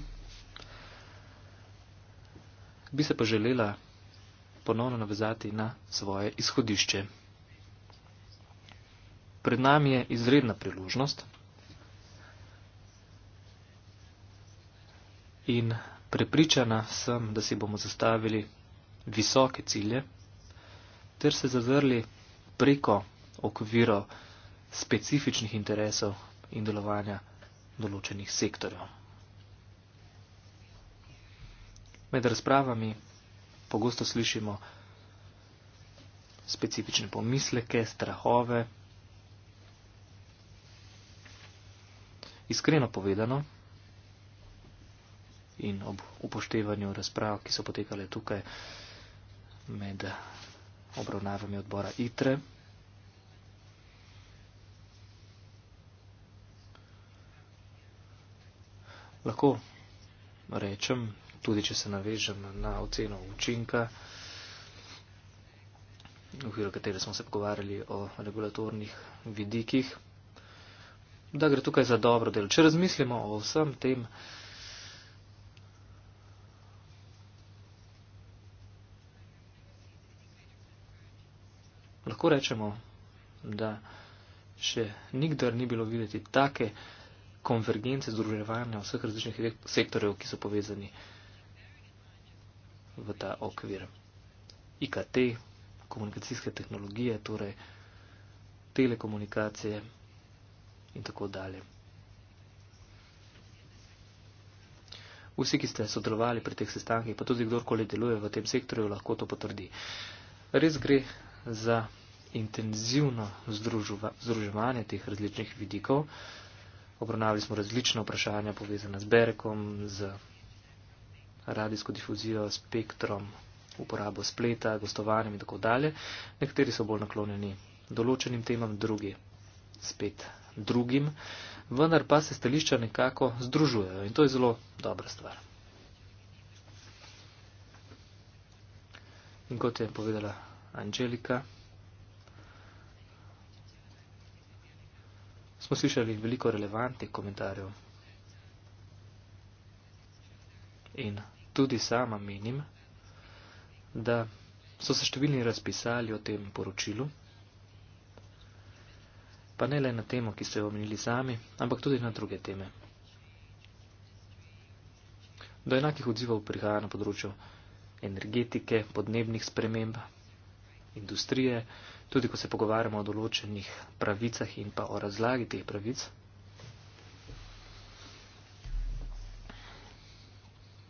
S2: bi se pa želela ponovno navezati na svoje izhodišče. Pred nami je izredna priložnost, in prepričana sem, da si bomo zastavili visoke cilje ter se zazrli preko okvira specifičnih interesov in delovanja določenih sektorjev. Med razpravami pogosto slišimo specifične pomisleke, strahove. Iskreno povedano, in ob upoštevanju razprav, ki so potekale tukaj med obravnavami odbora ITRE. Lahko rečem, tudi če se navežem na oceno učinka, v okviru katere smo se pogovarjali o regulatornih vidikih, da gre tukaj za dobro delo. Če razmislimo o vsem tem, lahko rečemo, da še nikdar ni bilo videti take konvergence združevanja vseh različnih sektorjev, ki so povezani v ta okvir. IKT, komunikacijske tehnologije, torej telekomunikacije in tako dalje. Vsi, ki ste sodelovali pri teh sestankih, pa tudi kdorkoli deluje v tem sektorju, lahko to potrdi. Res gre za intenzivno združevanje teh različnih vidikov. Obravnavali smo različna vprašanja povezana z Berekom, z radijsko difuzijo, spektrom, uporabo spleta, gostovanjem in tako dalje. Nekateri so bolj naklonjeni določenim temam, drugi spet drugim, vendar pa se stališča nekako združujejo in to je zelo dobra stvar. In kot je povedala Angelika, smo slišali veliko relevantnih komentarjev. In tudi sama menim, da so se številni razpisali o tem poročilu, pa ne le na temo, ki ste jo omenili sami, ampak tudi na druge teme. Do enakih odzivov prihaja na področju energetike, podnebnih sprememb, industrije, tudi ko se pogovarjamo o določenih pravicah in pa o razlagi teh pravic.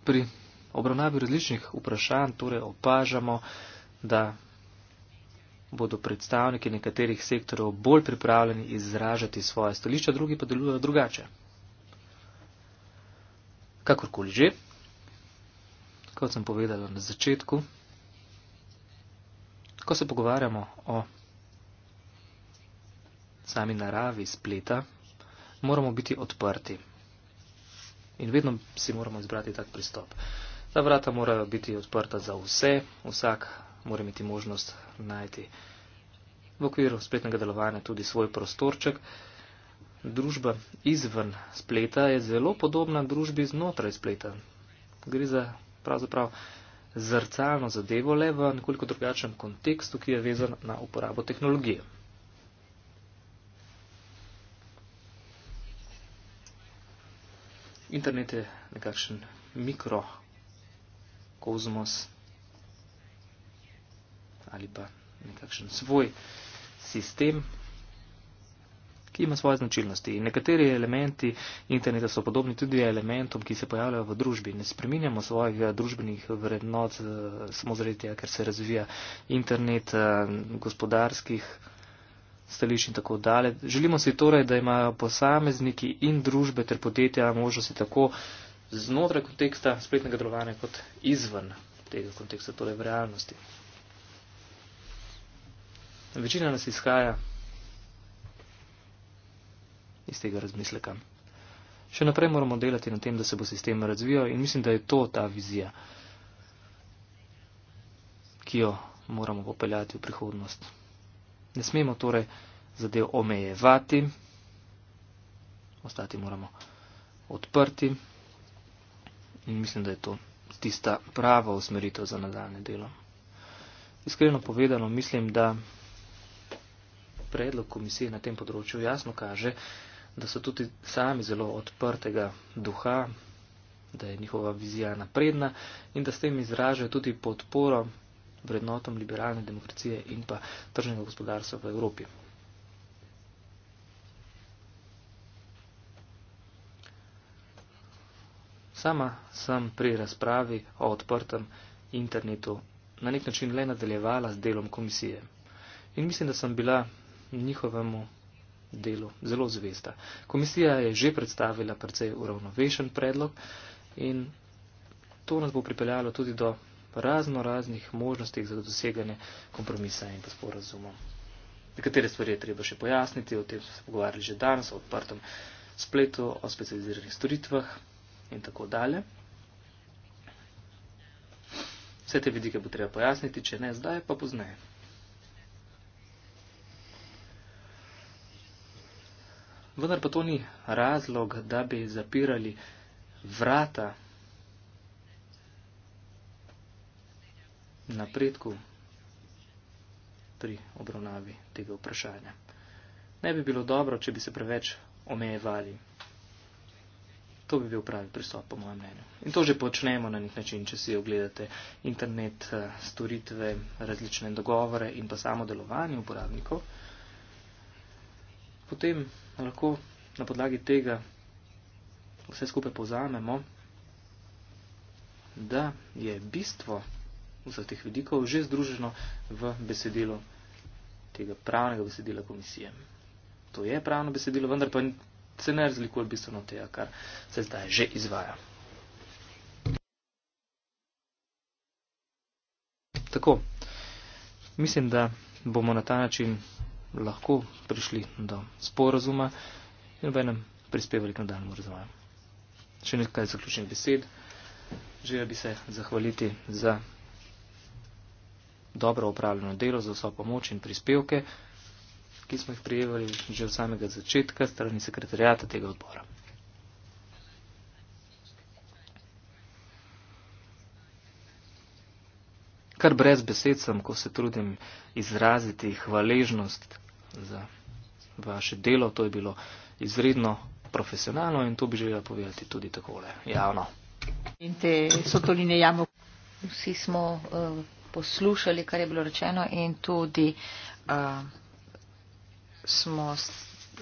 S2: Pri obravnavi različnih vprašanj torej opažamo, da bodo predstavniki nekaterih sektorov bolj pripravljeni izražati svoje stališča, drugi pa delujejo drugače. Kakorkoli že, kot sem povedala na začetku, Ko se pogovarjamo o sami naravi spleta, moramo biti odprti. In vedno si moramo izbrati tak pristop. Ta vrata morajo biti odprta za vse, vsak mora imeti možnost najti v okviru spletnega delovanja tudi svoj prostorček. Družba izven spleta je zelo podobna družbi znotraj spleta. Gre za pravzaprav prav, zrcalno zadevo le v nekoliko drugačnem kontekstu, ki je vezan na uporabo tehnologije. Internet je nekakšen mikrokozmos ali pa nekakšen svoj sistem, ki ima svoje značilnosti. In nekateri elementi interneta so podobni tudi elementom, ki se pojavljajo v družbi. Ne spreminjamo svojih eh, družbenih vrednot eh, samo zaradi tega, ker se razvija internet eh, gospodarskih stališč in tako dalje. Želimo si torej, da imajo posamezniki in družbe ter podjetja možnosti tako znotraj konteksta spletnega delovanja kot izven tega konteksta, torej v realnosti. Večina nas izhaja iz tega razmisleka. Še naprej moramo delati na tem, da se bo sistem razvijal in mislim, da je to ta vizija, ki jo moramo popeljati v prihodnost. Ne smemo torej zadev omejevati, ostati moramo odprti in mislim, da je to tista prava usmeritev za nadaljne delo. Iskreno povedano, mislim, da predlog komisije na tem področju jasno kaže, da so tudi sami zelo odprtega duha, da je njihova vizija napredna in da s tem izražajo tudi podporo vrednotom liberalne demokracije in pa tržnega gospodarstva v Evropi. Sama sem pri razpravi o odprtem internetu na nek način le nadaljevala z delom komisije in mislim, da sem bila njihovemu delu zelo zvesta. Komisija je že predstavila precej uravnovešen predlog in to nas bo pripeljalo tudi do razno raznih možnosti za doseganje kompromisa in pa sporazumov. Nekatere stvari je treba še pojasniti, o tem smo se pogovarjali že danes, o odprtem spletu, o specializiranih storitvah in tako dalje. Vse te vidike bo treba pojasniti, če ne zdaj, pa pozneje. Vendar pa to ni razlog, da bi zapirali vrata napredku pri obravnavi tega vprašanja. Ne bi bilo dobro, če bi se preveč omejevali. To bi bil pravi pristop, po mojem mnenju. In to že počnemo na nek način, če si ogledate internet, storitve, različne dogovore in pa samo delovanje uporabnikov potem lahko na podlagi tega vse skupaj pozamemo, da je bistvo vseh teh vidikov že združeno v besedilo tega pravnega besedila komisije. To je pravno besedilo, vendar pa se ne razlikuje bistveno tega, kar se zdaj že izvaja. Tako, mislim, da bomo na ta način lahko prišli do sporazuma in v enem prispevali k nadaljemu razvoju. Še nekaj zaključnih besed. Želel bi se zahvaliti za dobro upravljeno delo, za vso pomoč in prispevke, ki smo jih prijevali že od samega začetka strani sekretarjata tega odbora. kar brez besed sem, ko se trudim izraziti hvaležnost za vaše delo. To je bilo izredno profesionalno in to bi želela povedati tudi takole, javno.
S1: In te sotoline jamo. Vsi smo uh, poslušali, kar je bilo rečeno in tudi uh, smo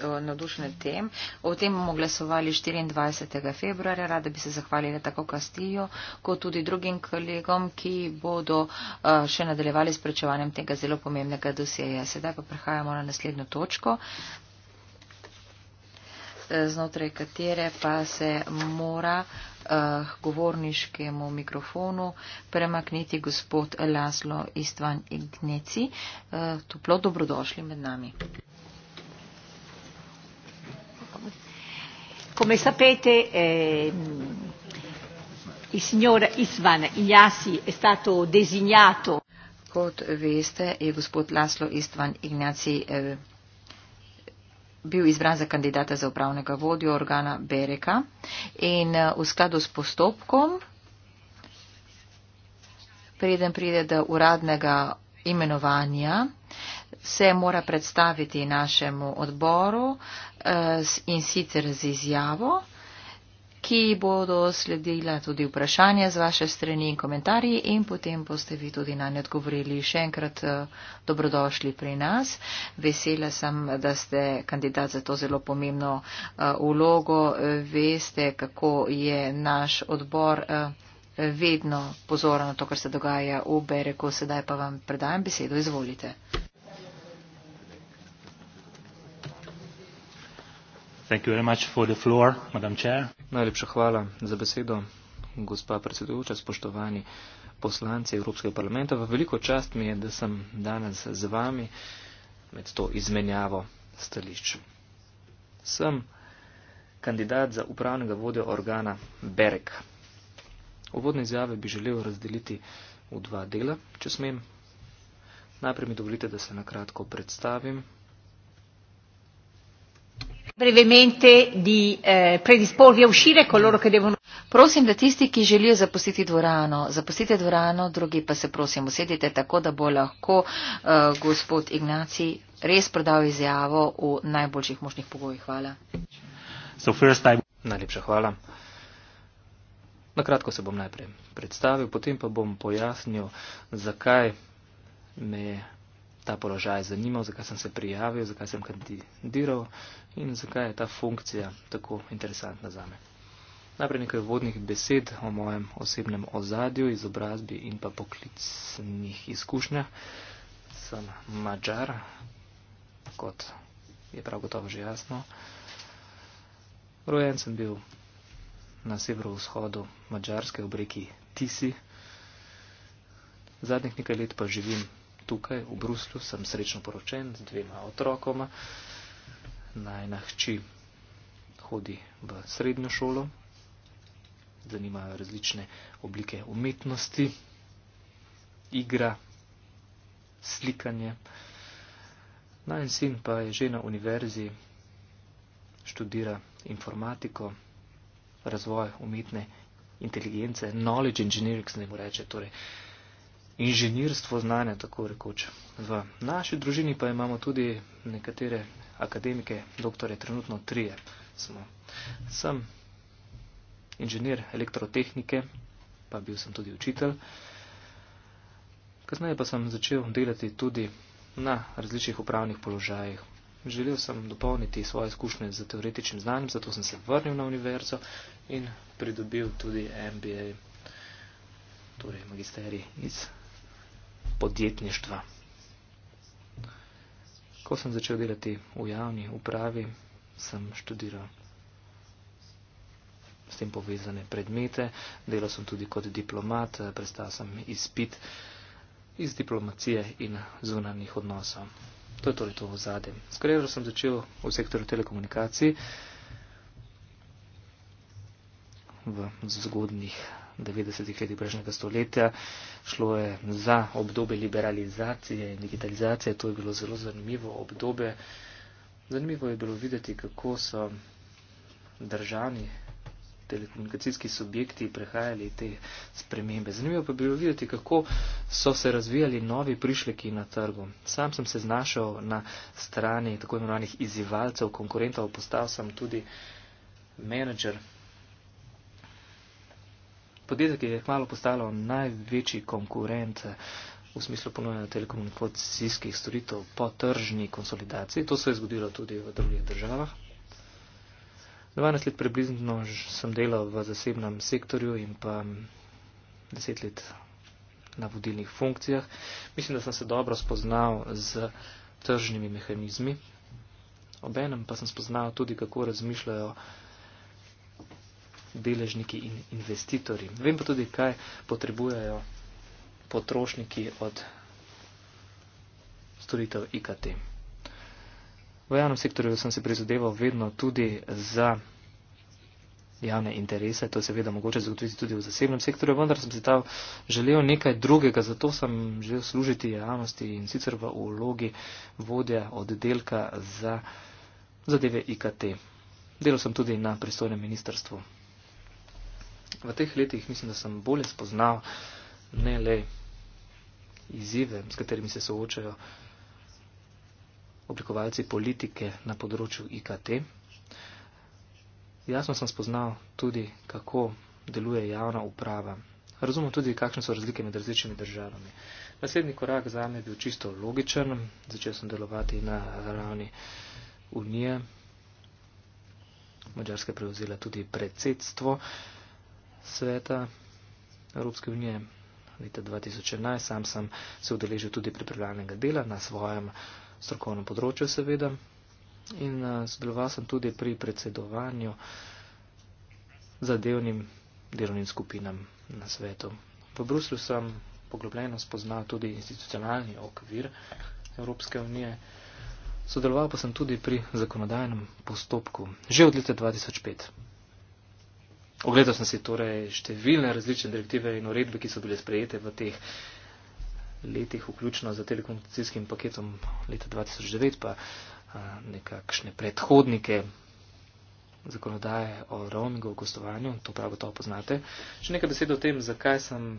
S1: navdušene tem. O tem bomo glasovali 24. februarja. Rada bi se zahvalila tako Kastijo, kot tudi drugim kolegom, ki bodo eh, še nadaljevali s prečevanjem tega zelo pomembnega dosjeja. Sedaj pa prehajamo na naslednjo točko eh, znotraj katere pa se mora uh, govorniškemu mikrofonu premakniti gospod Laslo Istvan Igneci. Uh, toplo dobrodošli med nami. Come sapete, eh, il signor Isvan Ignasi è stato designato. Kot veste, je gospod Laslo Istvan Ignaci eh, bil izbran za kandidata za upravnega vodjo organa Bereka in eh, v skladu s postopkom, preden pride do uradnega imenovanja, se mora predstaviti našemu odboru eh, in sicer z izjavo, ki bodo sledila tudi vprašanja z vaše strani in komentarji in potem boste vi tudi na nje odgovorili. Še enkrat eh, dobrodošli pri nas. Vesela sem, da ste kandidat za to zelo pomembno eh, vlogo. Veste, kako je naš odbor vedno pozoren na to, kar se dogaja v Bereku. Sedaj pa vam predajam besedo. Izvolite.
S2: Najlepša hvala za besedo, gospa predsedujoča, spoštovani poslanci Evropskega parlamenta. V veliko čast mi je, da sem danes z vami med to izmenjavo stališč. Sem kandidat za upravnega vodja organa BEREK. Uvodne izjave bi želel razdeliti v dva dela, če smem. Najprej mi dovolite, da se nakratko predstavim,
S1: brevemente di eh, predisporvi a uscire coloro che devono. Prosim, da tisti, ki želijo zapustiti dvorano, zapustite dvorano, drugi pa se prosim usedite tako, da bo lahko uh, gospod Ignaci res prodal izjavo v najboljših možnih pogojih. Hvala.
S2: So first time. Najlepša hvala. Na kratko se bom najprej predstavil, potem pa bom pojasnil, zakaj me je ta položaj zanimal, zakaj sem se prijavil, zakaj sem kandidiral in zakaj je ta funkcija tako interesantna zame. Najprej nekaj vodnih besed o mojem osebnem ozadju, izobrazbi in pa poklicnih izkušnjah. Sem mađar, kot je prav gotovo že jasno. Rojen sem bil na severovzhodu mađarske obreki Tisi. Zadnjih nekaj let pa živim tukaj v Bruslju, sem srečno poročen z dvema otrokoma. Najna hči hodi v srednjo šolo, zanimajo različne oblike umetnosti, igra, slikanje. Najn sin pa je že na univerzi, študira informatiko, razvoj umetne inteligence, knowledge engineering, se ne more reče, torej inženirstvo znanja, tako rekoč. V naši družini pa imamo tudi nekatere akademike, doktore, trenutno trije smo. Sem inženir elektrotehnike, pa bil sem tudi učitelj. Kasneje pa sem začel delati tudi na različnih upravnih položajih. Želel sem dopolniti svoje izkušnje z teoretičnim znanjem, zato sem se vrnil na univerzo in pridobil tudi MBA, torej magisterij iz podjetništva. Ko sem začel delati v javni upravi, sem študiral s tem povezane predmete. Delal sem tudi kot diplomat, prestal sem izpit iz diplomacije in zunanjih odnosov. To je torej to v zadnjem. Skrajer sem začel v sektoru telekomunikacij v zgodnih 90. letih prejšnjega stoletja. Šlo je za obdobje liberalizacije in digitalizacije. To je bilo zelo zanimivo obdobje. Zanimivo je bilo videti, kako so državni telekomunikacijski subjekti prehajali te spremembe. Zanimivo pa je bilo videti, kako so se razvijali novi prišleki na trgu. Sam sem se znašel na strani tako imenovanih izivalcev, konkurentov, postal sem tudi menedžer podjetje, ki je hmalo postalo največji konkurent eh, v smislu ponujanja telekomunikacijskih storitev po tržni konsolidaciji. To se je zgodilo tudi v drugih državah. 12 let približno sem delal v zasebnem sektorju in pa 10 let na vodilnih funkcijah. Mislim, da sem se dobro spoznal z tržnimi mehanizmi. Obenem pa sem spoznal tudi, kako razmišljajo deležniki in investitorji. Vem pa tudi, kaj potrebujejo potrošniki od storitev IKT. V javnem sektorju sem se prizadeval vedno tudi za javne interese, to seveda mogoče zagotoviti tudi v zasebnem sektorju, vendar sem si ta želel nekaj drugega, zato sem želel služiti javnosti in sicer v ulogi vodja oddelka za zadeve IKT. Delal sem tudi na pristojnem ministrstvu v teh letih mislim, da sem bolje spoznal ne le izzive, s katerimi se soočajo oblikovalci politike na področju IKT. Jasno sem spoznal tudi, kako deluje javna uprava. Razumem tudi, kakšne so razlike med različnimi državami. Naslednji korak za me je bil čisto logičen. Začel sem delovati na ravni Unije. Mačarska je prevzela tudi predsedstvo. Uh, sveta Evropske unije leta 2014. Sam sem se udeležil tudi pripravljalnega dela na svojem strokovnem področju, seveda, in eh, sodeloval sem tudi pri predsedovanju zadevnim delovnim skupinam na svetu. V Bruslju sem poglobljeno spoznal tudi institucionalni okvir Evropske unije. Sodeloval pa sem tudi pri zakonodajnem postopku že od leta 2005. Ogledal sem si torej številne različne direktive in uredbe, ki so bile sprejete v teh letih, vključno za telekomunikacijskim paketom leta 2009, pa nekakšne predhodnike zakonodaje o roamingu, o gostovanju, to prav gotovo poznate. Še nekaj besed o tem, zakaj sem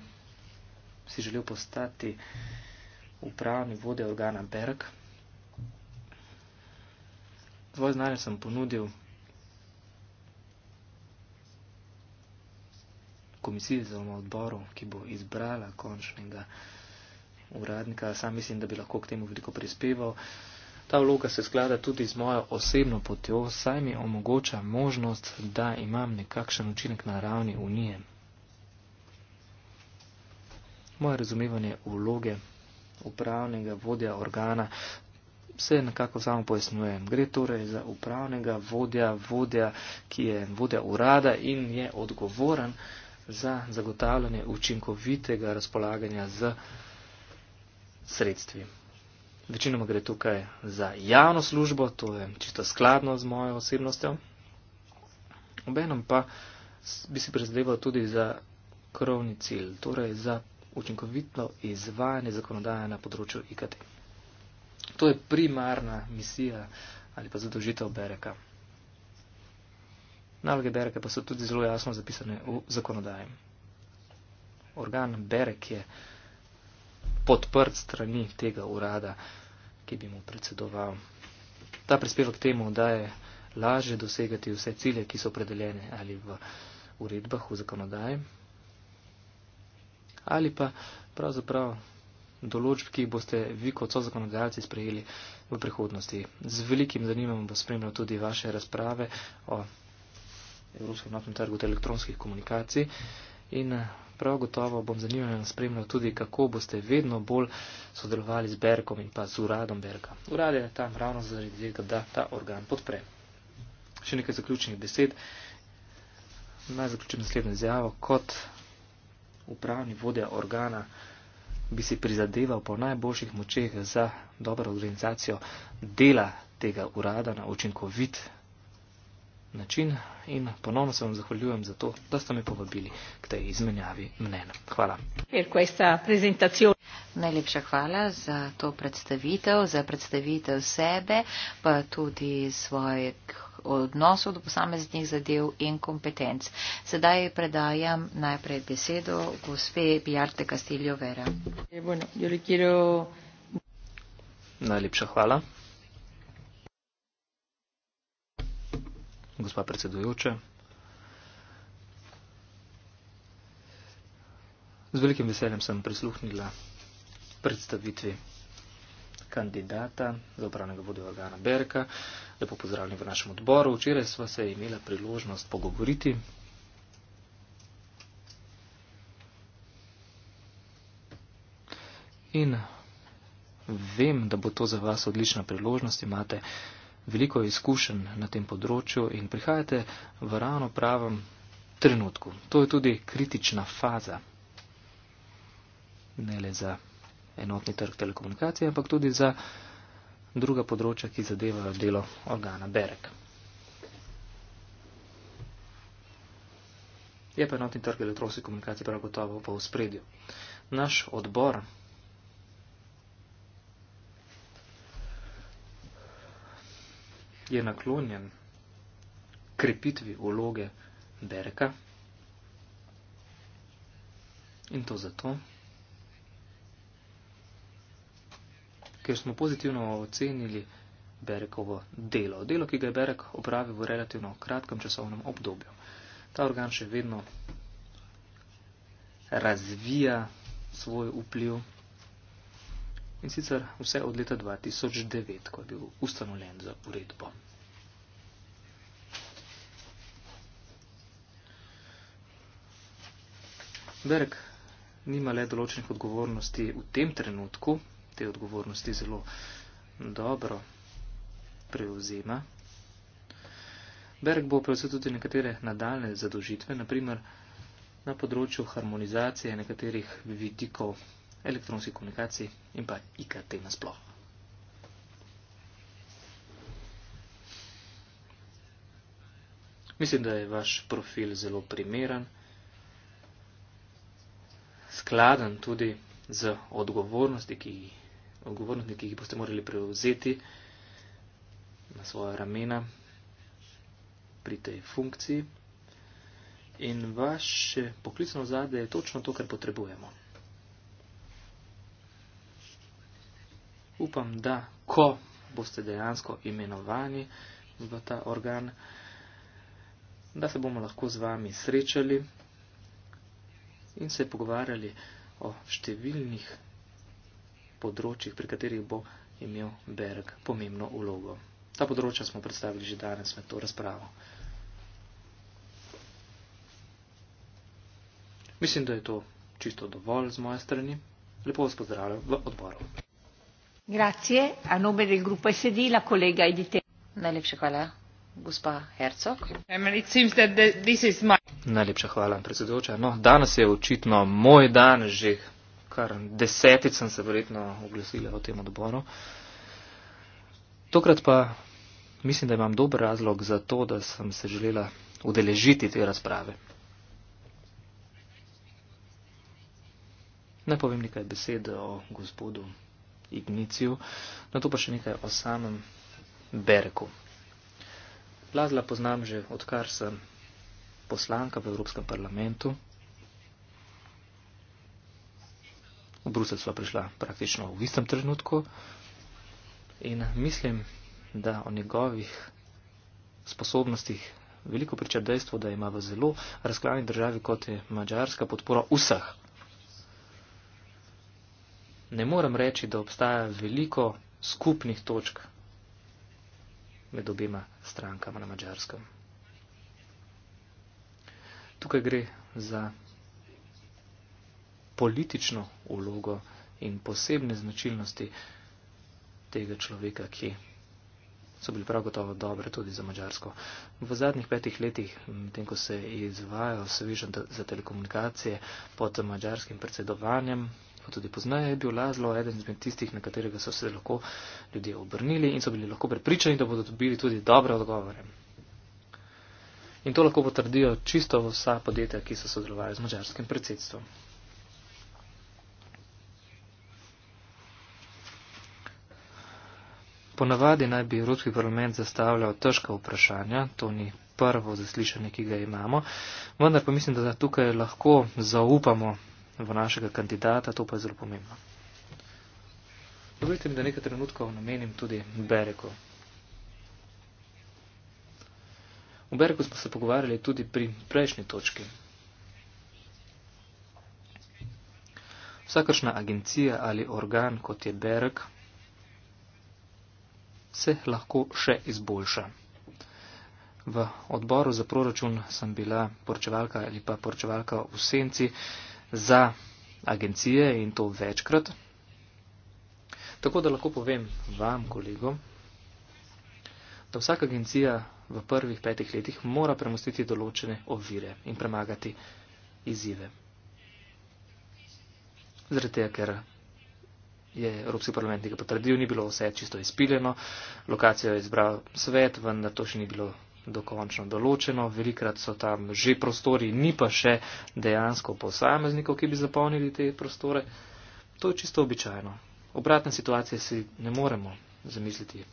S2: si želel postati upravni vodja organa Berg. Dvoje znanje sem ponudil komisiji oziroma odboru, ki bo izbrala končnega uradnika. Sam mislim, da bi lahko k temu veliko prispeval. Ta vloga se sklada tudi z mojo osebno potjo, saj mi omogoča možnost, da imam nekakšen učinek na ravni unije. Moje razumevanje vloge upravnega vodja organa se nekako samo pojasnjuje. Gre torej za upravnega vodja, vodja, ki je vodja urada in je odgovoren za zagotavljanje učinkovitega razpolaganja z sredstvi. Večinoma gre tukaj za javno službo, to je čisto skladno z mojo osebnostjo. Obenem pa bi si prizadeval tudi za krovni cilj, torej za učinkovito izvajanje zakonodaje na področju IKT. To je primarna misija ali pa zadožitev BRK. Naloge bereke pa so tudi zelo jasno zapisane v zakonodaji. Organ berek je podprt strani tega urada, ki bi mu predsedoval. Ta prispevek temu daje lažje dosegati vse cilje, ki so opredeljene ali v uredbah, v zakonodaji, ali pa pravzaprav določb, ki boste vi kot so zakonodajalci sprejeli v prihodnosti. Z velikim zanimam bo spremljal tudi vaše razprave o Evropskem notnem trgu elektronskih komunikacij in eh, prav gotovo bom zanimivo spremljal tudi, kako boste vedno bolj sodelovali z Berkom in pa z uradom Berka. Urad je tam ravno zaradi tega, da ta organ podpre. Še nekaj zaključnih besed. Naj zaključim naslednjo izjavo. Kot upravni vodja organa bi si prizadeval po najboljših močeh za dobro organizacijo dela tega urada na učinkovit način način in ponovno se vam zahvaljujem za to, da ste me povabili k tej izmenjavi mnen. Hvala.
S1: Najlepša hvala za to predstavitev, za predstavitev sebe, pa tudi svojeg odnosov do posameznih zadev in kompetenc. Sedaj predajam najprej besedo gospe Bjarte Castillo Vera.
S2: Najlepša hvala. gospa predsedujoča. Z velikim veseljem sem prisluhnila predstavitvi kandidata za upravnega vodjo Gana Berka. Lepo pozdravljeni v našem odboru. Včeraj sva se imela priložnost pogovoriti. In vem, da bo to za vas odlična priložnost. Imate veliko izkušenj na tem področju in prihajate v ravno pravem trenutku. To je tudi kritična faza, ne le za enotni trg telekomunikacije, ampak tudi za druga področja, ki zadevajo delo organa Berek. Je pa enotni trg elektronske komunikacije prav gotovo pa v spredju. Naš odbor je naklonjen krepitvi vloge Berka. In to zato, ker smo pozitivno ocenili Berkovo delo. Delo, ki ga je Berek opravil v relativno kratkem časovnem obdobju. Ta organ še vedno razvija svoj vpliv in sicer vse od leta 2009, ko je bil ustanovljen za uredbo. Berg nima le določenih odgovornosti v tem trenutku, te odgovornosti zelo dobro prevzema. Berg bo prevzel tudi nekatere nadaljne zadožitve, naprimer na področju harmonizacije nekaterih vidikov elektronskih komunikacij in pa IKT nasploh. Mislim, da je vaš profil zelo primeren, skladen tudi z odgovornosti, ki, odgovornosti, ki jih boste morali prevzeti na svoja ramena pri tej funkciji. In vaše poklicno zadje je točno to, kar potrebujemo. upam, da ko boste dejansko imenovani v ta organ, da se bomo lahko z vami srečali in se pogovarjali o številnih področjih, pri katerih bo imel Berg pomembno ulogo. Ta področja smo predstavili že danes med to razpravo. Mislim, da je to čisto dovolj z moje strani. Lepo vas pozdravljam v odboru.
S1: Grazie. A nome del gruppo SD, la collega Edith. Najlepša hvala, gospa Hercog. My...
S2: Najlepša hvala, predsedujoča. No, danes je očitno moj dan, že kar desetic sem se verjetno oglasila o tem odboru. Tokrat pa mislim, da imam dober razlog za to, da sem se želela udeležiti te razprave. Ne povem nekaj besed o gospodu Igniciju, na to pa še nekaj o samem Berku. Lazla poznam že odkar sem poslanka v Evropskem parlamentu. V Bruselj sva prišla praktično v istem trenutku in mislim, da o njegovih sposobnostih veliko priča dejstvo, da ima v zelo razklani državi, kot je Mađarska, podpora vseh ne morem reči, da obstaja veliko skupnih točk med obima strankama na mačarskem. Tukaj gre za politično ulogo in posebne značilnosti tega človeka, ki so bili prav gotovo dobre tudi za mačarsko. V zadnjih petih letih, medtem ko se je izvajal svežen za telekomunikacije pod mačarskim predsedovanjem, pa tudi poznaje, je bil Lazlo eden izmed tistih, na katerega so se lahko ljudje obrnili in so bili lahko prepričani, da bodo dobili tudi dobre odgovore. In to lahko potrdijo čisto vsa podjetja, ki so sodelovali z mačarskim predsedstvom. Ponavadi naj bi Evropski parlament zastavljal težka vprašanja, to ni prvo zaslišanje, ki ga imamo, vendar pa mislim, da tukaj lahko zaupamo v našega kandidata, to pa je zelo pomembno. Dovolite mi, da nekaj trenutkov namenim tudi Bereku. V Bereku smo se pogovarjali tudi pri prejšnji točki. Vsakršna agencija ali organ, kot je Berek, se lahko še izboljša. V odboru za proračun sem bila porčevalka ali pa porčevalka v senci, za agencije in to večkrat. Tako da lahko povem vam, kolegom, da vsaka agencija v prvih petih letih mora premostiti določene ovire in premagati izzive. Zaradi tega, ker je Evropski parlament nekaj potrdil, ni bilo vse čisto izpiljeno, lokacijo je izbral svet, vendar to še ni bilo dokončno določeno, velikrat so tam že prostori, ni pa še dejansko posameznikov, ki bi zapolnili te prostore. To je čisto običajno. Obratne situacije si ne moremo zamisliti.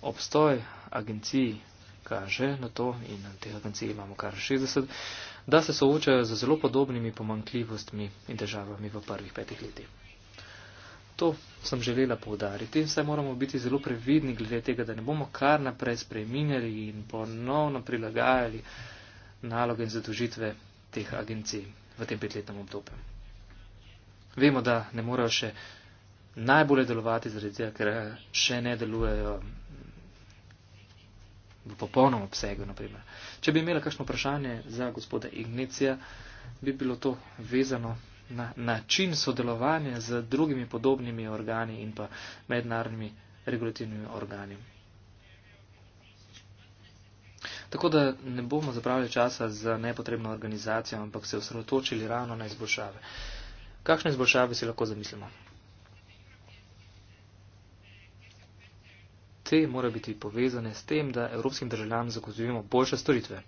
S2: Obstoj agencij kaže na to, in na teh agencij imamo kar 60, da se soočajo z zelo podobnimi pomankljivostmi in državami v prvih petih letih to sem želela povdariti, saj moramo biti zelo previdni glede tega, da ne bomo kar naprej spreminjali in ponovno prilagajali naloge in zadožitve teh agencij v tem petletnem obdobju. Vemo, da ne morajo še najbolje delovati, zaradi tega, ker še ne delujejo v popolnom obsegu. Naprimer. Če bi imela kakšno vprašanje za gospoda Ignicija, bi bilo to vezano na način sodelovanja z drugimi podobnimi organi in pa mednarodnimi regulativnimi organi. Tako da ne bomo zapravili časa z nepotrebno organizacijo, ampak se osredotočili ravno na izboljšave. Kakšne izboljšave si lahko zamislimo? Te mora biti povezane s tem, da evropskim državljanom zagotovimo boljše storitve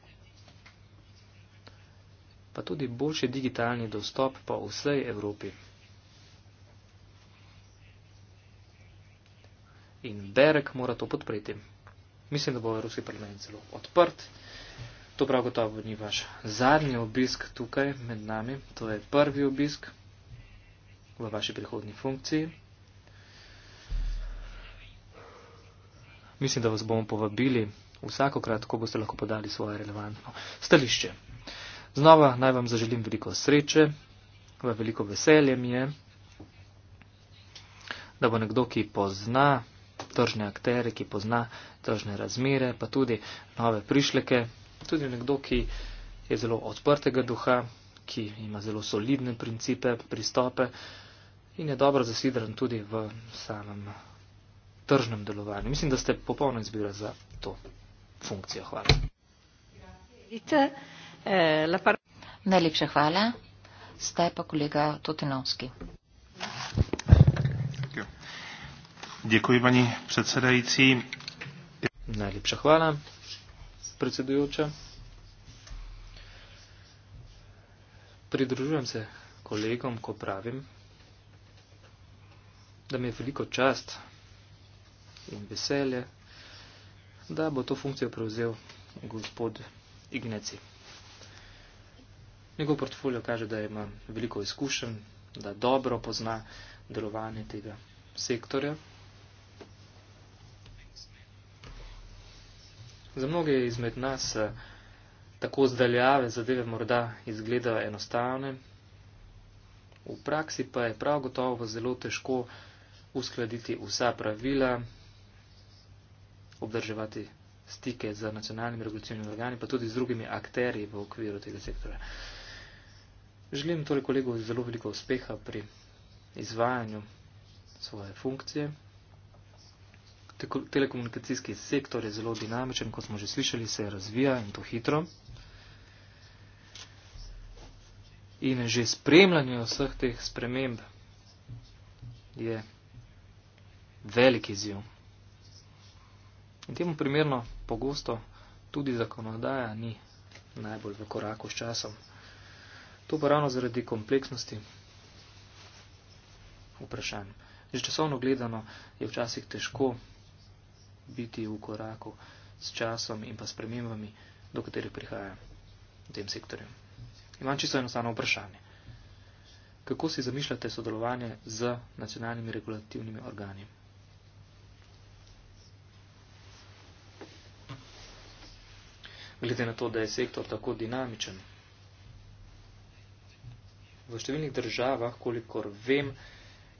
S2: pa tudi boljši digitalni dostop po vsej Evropi. In Berek mora to podpreti. Mislim, da bo Evropski parlament zelo odprt. To prav gotovo ni vaš zadnji obisk tukaj med nami. To je prvi obisk v vaši prihodni funkciji. Mislim, da vas bomo povabili vsakokrat, ko boste lahko podali svoje relevantno stališče. Znova naj vam zaželim veliko sreče, veliko veselje mi je, da bo nekdo, ki pozna tržne aktere, ki pozna tržne razmere, pa tudi nove prišleke, tudi nekdo, ki je zelo odprtega duha, ki ima zelo solidne principe, pristope in je dobro zasidran tudi v samem tržnem delovanju. Mislim, da ste popolno izbira za to funkcijo. Hvala.
S1: Hvala. Eh, Najlepša hvala. Zdaj pa kolega Totinovski.
S2: Děkuji, paní předsedající. Najlepša hvala, predsedujoča. Pridružujem se kolegom, ko pravim, da mi je veliko čast in veselje, da bo to funkcijo prevzel gospod Ignaci. Njegov portfolio kaže, da ima veliko izkušenj, da dobro pozna delovanje tega sektorja. Za mnoge izmed nas eh, tako zdaljave zadeve morda izgledajo enostavne, v praksi pa je prav gotovo zelo težko uskladiti vsa pravila, obdrževati stike z nacionalnimi regulacijami organi, pa tudi z drugimi akterji v okviru tega sektora. Želim torej kolegu zelo veliko uspeha pri izvajanju svoje funkcije. Telekomunikacijski sektor je zelo dinamičen, kot smo že slišali, se razvija in to hitro. In že spremljanje vseh teh sprememb je velik izjiv. In temu primerno pogosto tudi zakonodaja ni najbolj v koraku s časom. To pa ravno zaradi kompleksnosti vprašanj. Že časovno gledano je včasih težko biti v koraku s časom in pa spremembami, do katerih prihaja v tem sektorju. Imam čisto enostavno vprašanje. Kako si zamišljate sodelovanje z nacionalnimi regulativnimi organi? Glede na to, da je sektor tako dinamičen, v številnih državah, kolikor vem,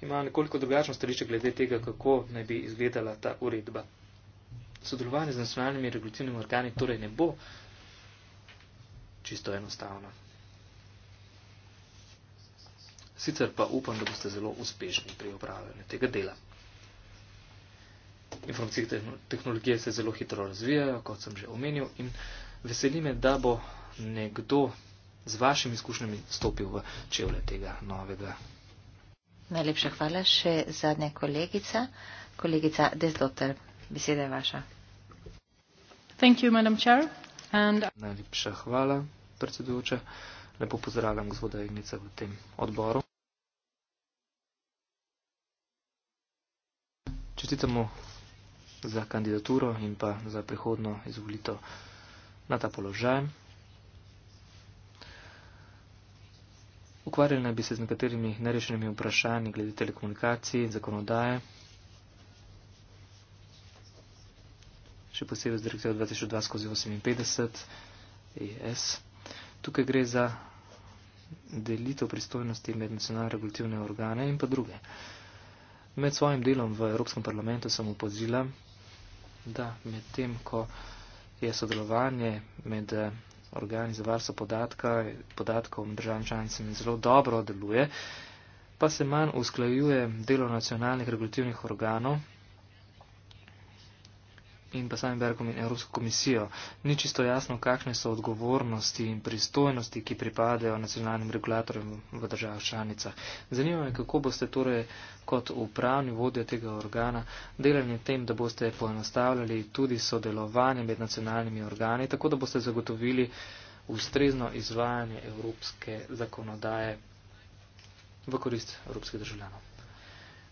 S2: imajo nekoliko drugačno stališče glede tega, kako naj bi izgledala ta uredba. Sodelovanje z nacionalnimi regulativnimi organi torej ne bo čisto enostavno. Sicer pa upam, da boste zelo uspešni pri upravljanju tega dela. Informacijske tehnologije se zelo hitro razvijajo, kot sem že omenil, in veseli me, da bo nekdo z vašimi izkušnjami stopil v čevlje tega novega.
S1: Najlepša hvala. Še zadnja kolegica. Kolegica Desdoter, beseda je vaša. Thank you, chair. And...
S2: Najlepša hvala, predsedujoča. Lepo pozdravljam gospoda Ignica v tem odboru. Čestitamo za kandidaturo in pa za prihodno izvolito na ta položaj. Ukvarjali naj bi se z nekaterimi nerešenimi vprašanji glede telekomunikacij in zakonodaje, še posebej z direktivo 2002-58 ES. Tukaj gre za delitev pristojnosti med nacionalne regulativne organe in pa druge. Med svojim delom v Evropskem parlamentu sem opozila, da med tem, ko je sodelovanje med organi za varstvo podatkov med državami članicami zelo dobro deluje, pa se manj usklajuje delo nacionalnih regulativnih organov, in pa samim Bergom in Evropsko komisijo. Ni čisto jasno, kakšne so odgovornosti in pristojnosti, ki pripadajo nacionalnim regulatorjem v državah članicah. Zanima me, kako boste torej kot upravni vodja tega organa delali v tem, da boste poenostavljali tudi sodelovanje med nacionalnimi organi, tako da boste zagotovili ustrezno izvajanje evropske zakonodaje v korist evropskih državljanov.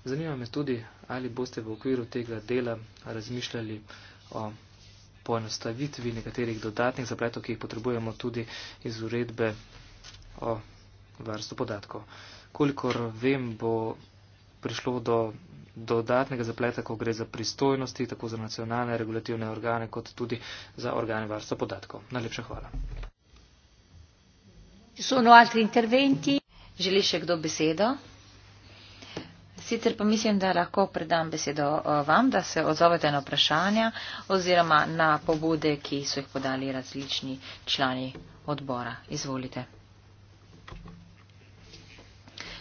S2: Zanima me tudi, ali boste v okviru tega dela razmišljali o poenostavitvi nekaterih dodatnih zapletov, ki jih potrebujemo tudi iz uredbe o varstvu podatkov. Kolikor vem, bo prišlo do dodatnega zapleta, ko gre za pristojnosti, tako za nacionalne regulativne organe, kot tudi za organe varstva podatkov. Najlepša hvala.
S1: Sono altri interventi. Želi še kdo besedo? Sicer pa mislim, da lahko predam besedo eh, vam, da se odzovete na vprašanja oziroma na pobude, ki so jih podali različni člani odbora. Izvolite.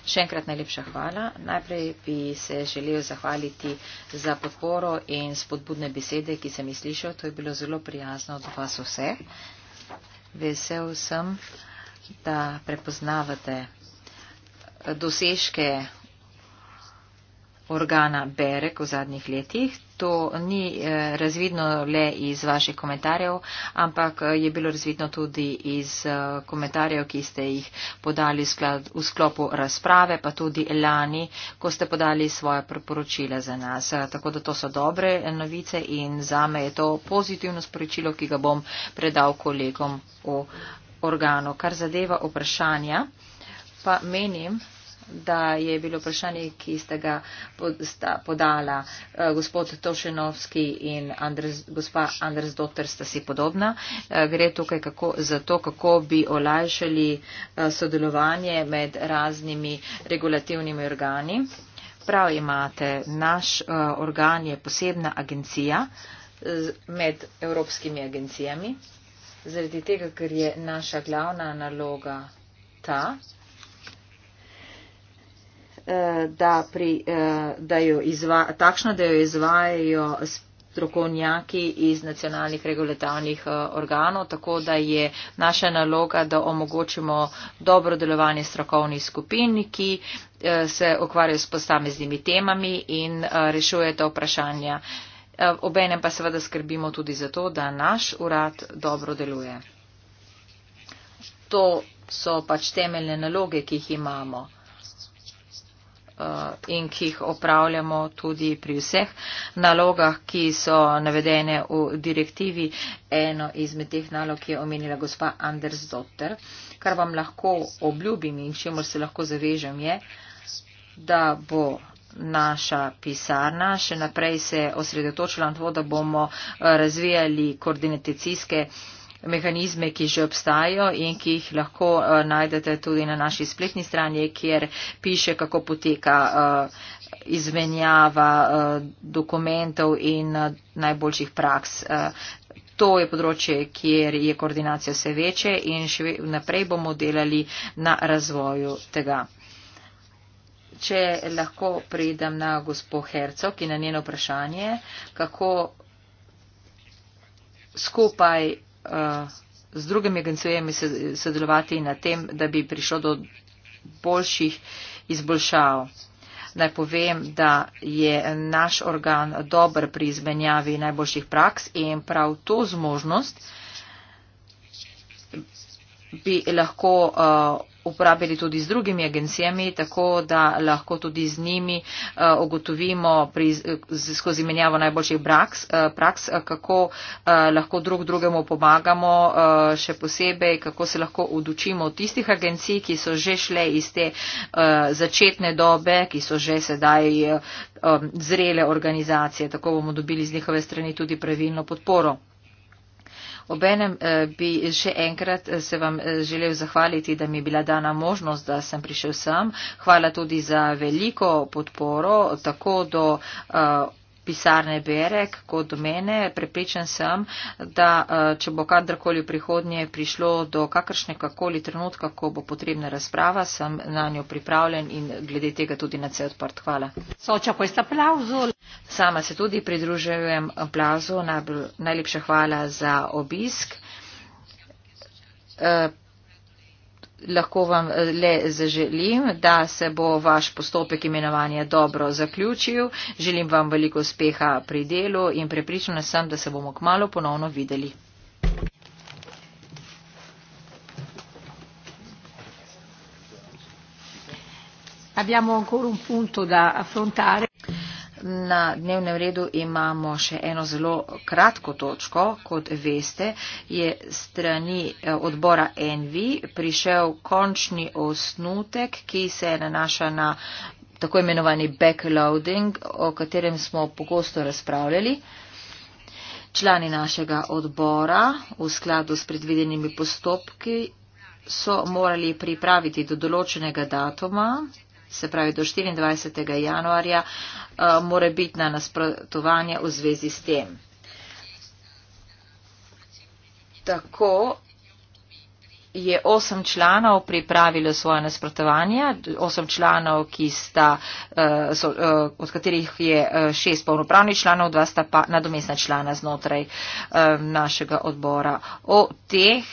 S1: Še enkrat najlepša hvala. Najprej bi se želel zahvaliti za podporo in spodbudne besede, ki sem jih slišal. To je bilo zelo prijazno od vas vseh. Vesel sem, da prepoznavate dosežke organa Berek v zadnjih letih. To ni eh, razvidno le iz vaših komentarjev, ampak eh, je bilo razvidno tudi iz eh, komentarjev, ki ste jih podali v sklopu razprave, pa tudi lani, ko ste podali svoje priporočila za nas. Tako da to so dobre novice in za me je to pozitivno sporočilo, ki ga bom predal kolegom v organu. Kar zadeva vprašanja, pa menim, da je bilo vprašanje, ki ste ga podala eh, gospod Tošenovski in Andres, gospa Andres Dotter, sta si podobna. Eh, gre tukaj kako, za to, kako bi olajšali eh, sodelovanje med raznimi regulativnimi organi. Prav imate, naš organ je posebna agencija med evropskimi agencijami, zaradi tega, ker je naša glavna naloga ta, Eh, da, pri, eh, da jo izva, takšno, da jo izvajajo strokovnjaki iz nacionalnih regulatornih eh, organov, tako da je naša naloga, da omogočimo dobro delovanje strokovnih skupin, ki se ukvarjajo s posameznimi temami in rešujejo ta vprašanja. Obenem pa seveda skrbimo tudi za to, da naš urad dobro deluje. To so pač temeljne naloge, ki jih imamo. Eh, in ki jih opravljamo tudi pri vseh nalogah, ki so navedene v direktivi. Eno izmed teh nalog je omenila gospa Anders Dotter. Kar vam lahko obljubim in čemu se lahko zavežem je, da bo naša pisarna še naprej se osredotočila na to, da bomo eh, razvijali koordinatecijske uh, mehanizme, ki že obstajajo in ki jih lahko eh, najdete tudi na naši spletni strani, kjer piše, kako poteka eh, izmenjava eh, dokumentov in najboljših praks. To je področje, kjer je koordinacija vse večje in še naprej bomo delali na razvoju tega. Če lahko pridem na gospo Herco, ki na njeno vprašanje, kako skupaj z drugimi agencijami sodelovati na tem, da bi prišlo do boljših izboljšav. Naj povem, da je naš organ dober pri izmenjavi najboljših praks in prav to zmožnost bi lahko uh, uporabili tudi z drugimi agencijami, tako da lahko tudi z njimi ogotovimo eh, pri, skozi menjavo najboljših eh, praks, praks, eh, kako lahko drug drugemu pomagamo, še posebej, kako se lahko odučimo od tistih agencij, ki so že šle iz te začetne dobe, ki so že sedaj zrele organizacije. Tako bomo dobili z njihove strani tudi pravilno podporo. Obenem eh, bi še enkrat eh, se vam eh, želel zahvaliti, da mi je bila dana možnost, da sem prišel sem. Hvala tudi za veliko podporo, tako do. Uh, pisarne Berek kot do mene. Prepričan sem, da eh, če bo kadarkoli v prihodnje prišlo do kakršne kakoli trenutka, ko bo potrebna razprava, sem na njo pripravljen in glede tega tudi na vse odprt. Hvala. Soča, ko ste aplauzul. Sama se tudi pridružujem aplauzu. Najlepša hvala za obisk. Eh, lahko vam eh, le zaželim, da se bo vaš postopek imenovanja dobro zaključil. Želim vam veliko uspeha pri delu in prepričana sem, da se bomo kmalo ponovno videli. Abbiamo ancora un punto da affrontare. Na dnevnem redu imamo še eno zelo kratko točko. Kot veste, je strani eh, odbora Envi prišel končni osnutek, ki se nanaša na tako imenovani backloading, o katerem smo pogosto razpravljali. Člani našega odbora v skladu s predvidenimi postopki so morali pripraviti do določenega datuma se pravi do 24. januarja, eh, more biti na nasprotovanje v zvezi s tem. Tako je osem članov pripravilo svoje nasprotovanje, osem članov, sta, eh, so, eh, od katerih je eh, šest polnopravnih članov, dva sta pa nadomestna člana znotraj našega odbora. O teh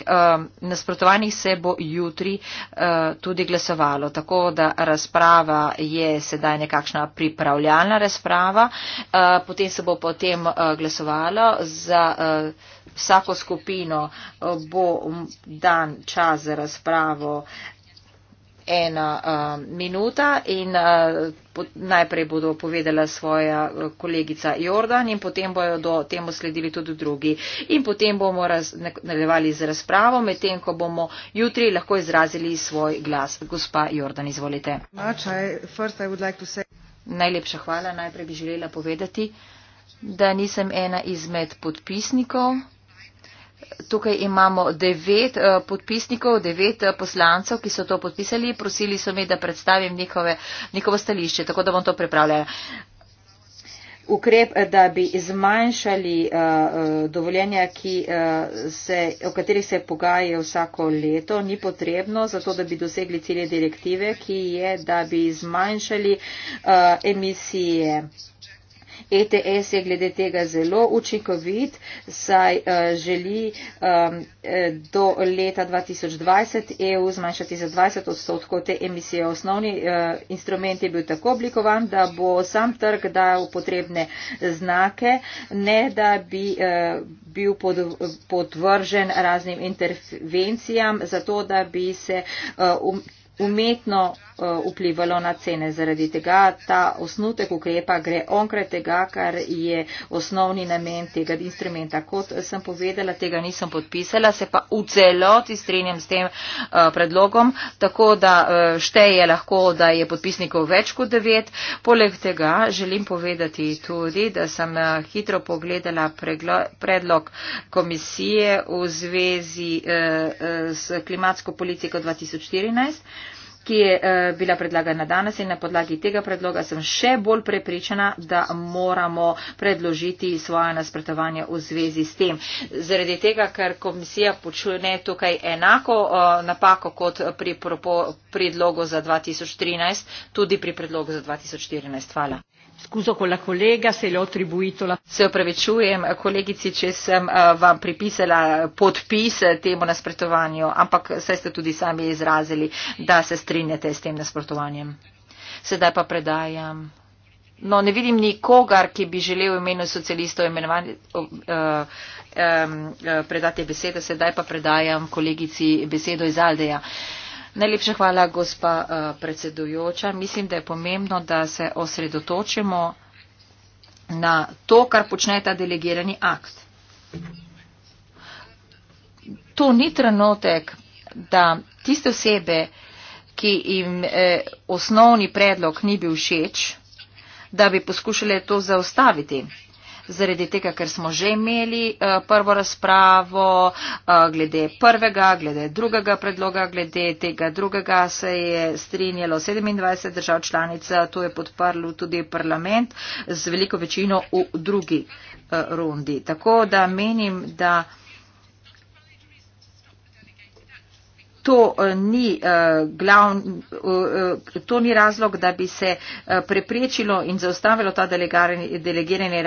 S1: nasprotovanjih se bo jutri tudi glasovalo, tako da razprava je sedaj nekakšna pripravljalna razprava, potem se bo potem glasovalo za vsako skupino eh, bo dan čas za razpravo ena uh, minuta in uh, po, najprej bodo povedala svoja uh, kolegica Jordan in potem bojo do temu sledili tudi drugi. In potem bomo nadaljevali z razpravo, medtem ko bomo jutri lahko izrazili svoj glas. Gospa Jordan, izvolite. Najlepša hvala. Najprej bi želela povedati, da nisem ena izmed podpisnikov. Tukaj imamo devet uh, podpisnikov, devet uh, poslancev, ki so to podpisali. Prosili so me, da predstavim njihove, njihovo stališče, tako da bom to pripravljala. Ukrep, eh, da bi zmanjšali uh, dovoljenja, ki, uh, se, o katerih se pogajajo vsako leto, ni potrebno, zato da bi dosegli cilje direktive, ki je, da bi zmanjšali uh, emisije. ETS je glede tega zelo učinkovit, saj eh, želi eh, do leta 2020 EU zmanjšati za 20 odstotkov te emisije. Osnovni eh, instrument je bil tako oblikovan, da bo sam trg dal potrebne znake, ne da bi bil podvržen raznim intervencijam, zato da bi se um, umetno Eh, vplivalo na cene. Zaradi tega ta osnutek ukrepa gre onkraj tega, kar je osnovni namen tega instrumenta. Kot sem povedala, tega nisem podpisala, se pa v celoti strinjam s tem eh, predlogom, tako da eh, šteje lahko, da je podpisnikov več kot devet. Poleg tega želim povedati tudi, da sem hitro pogledala predlog komisije v zvezi s klimatsko politiko 2014 ki je eh, bila predlagana danes in na podlagi tega predloga sem še bolj prepričana, da moramo predložiti svoje nasprotovanje v zvezi s tem. Zaradi tega, ker komisija počne tukaj enako eh, napako kot pri predlogu za 2013, tudi pri predlogu za 2014. Hvala se opravičujem kolegici, če sem eh, vam pripisala podpis temu nasprotovanju, ampak saj ste tudi sami izrazili, da se strinjate s tem nasprotovanjem. Sedaj pa predajam. No, ne vidim nikogar, ki bi želel v imenu socialistov imenovati, uh, eh, um, eh, predati besede, sedaj pa predajam kolegici besedo iz Aldeja. Uh, Najlepša hvala, gospa uh, predsedujoča. Mislim, da je pomembno, da se osredotočimo na to, kar počne ta delegirani akt. To ni trenutek, da tiste osebe, ki jim eh, osnovni predlog ni bil všeč, da bi poskušale to zaustaviti zaradi tega, ker smo že imeli eh, prvo razpravo eh, glede prvega, glede drugega predloga, glede tega drugega se je strinjalo 27 držav članica, eh, to je podprlo tudi parlament z veliko večino v drugi rundi. Tako da menim, da. to eh, ni, eh, glavn, eh, to ni razlog, da bi se preprečilo in zaustavilo ta delegirani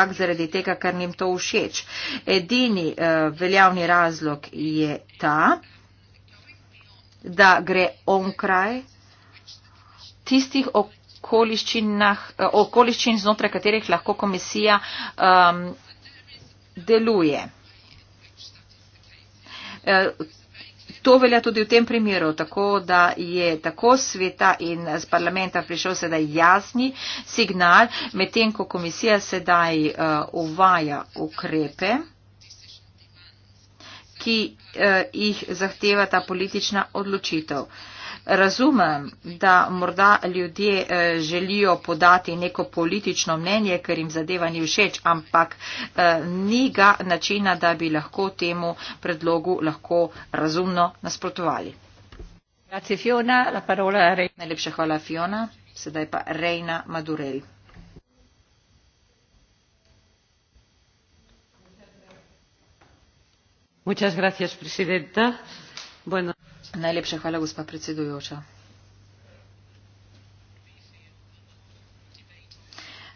S1: akt zaradi tega, ker njim to všeč. Edini veljavni razlog je ta, da gre onkraj tistih okoliščin, znotraj katerih lahko komisija um, deluje. To velja tudi v tem primeru, tako da je tako sveta in z parlamenta prišel sedaj jasni signal, medtem ko komisija sedaj uh, uvaja ukrepe ki eh, jih zahteva ta politična odločitev. Eh, Razumem, da morda ljudje eh, želijo podati neko politično mnenje, ker jim zadeva ni všeč, ampak eh, ni ga načina, da bi lahko temu predlogu lahko razumno nasprotovali. Grazie Fiona, la parola a Reina. Najlepša hvala Fiona, sedaj pa Reina Madurel. Muchas gracias, presidenta. Bueno. Najlepša hvala, gospa predsedujoča.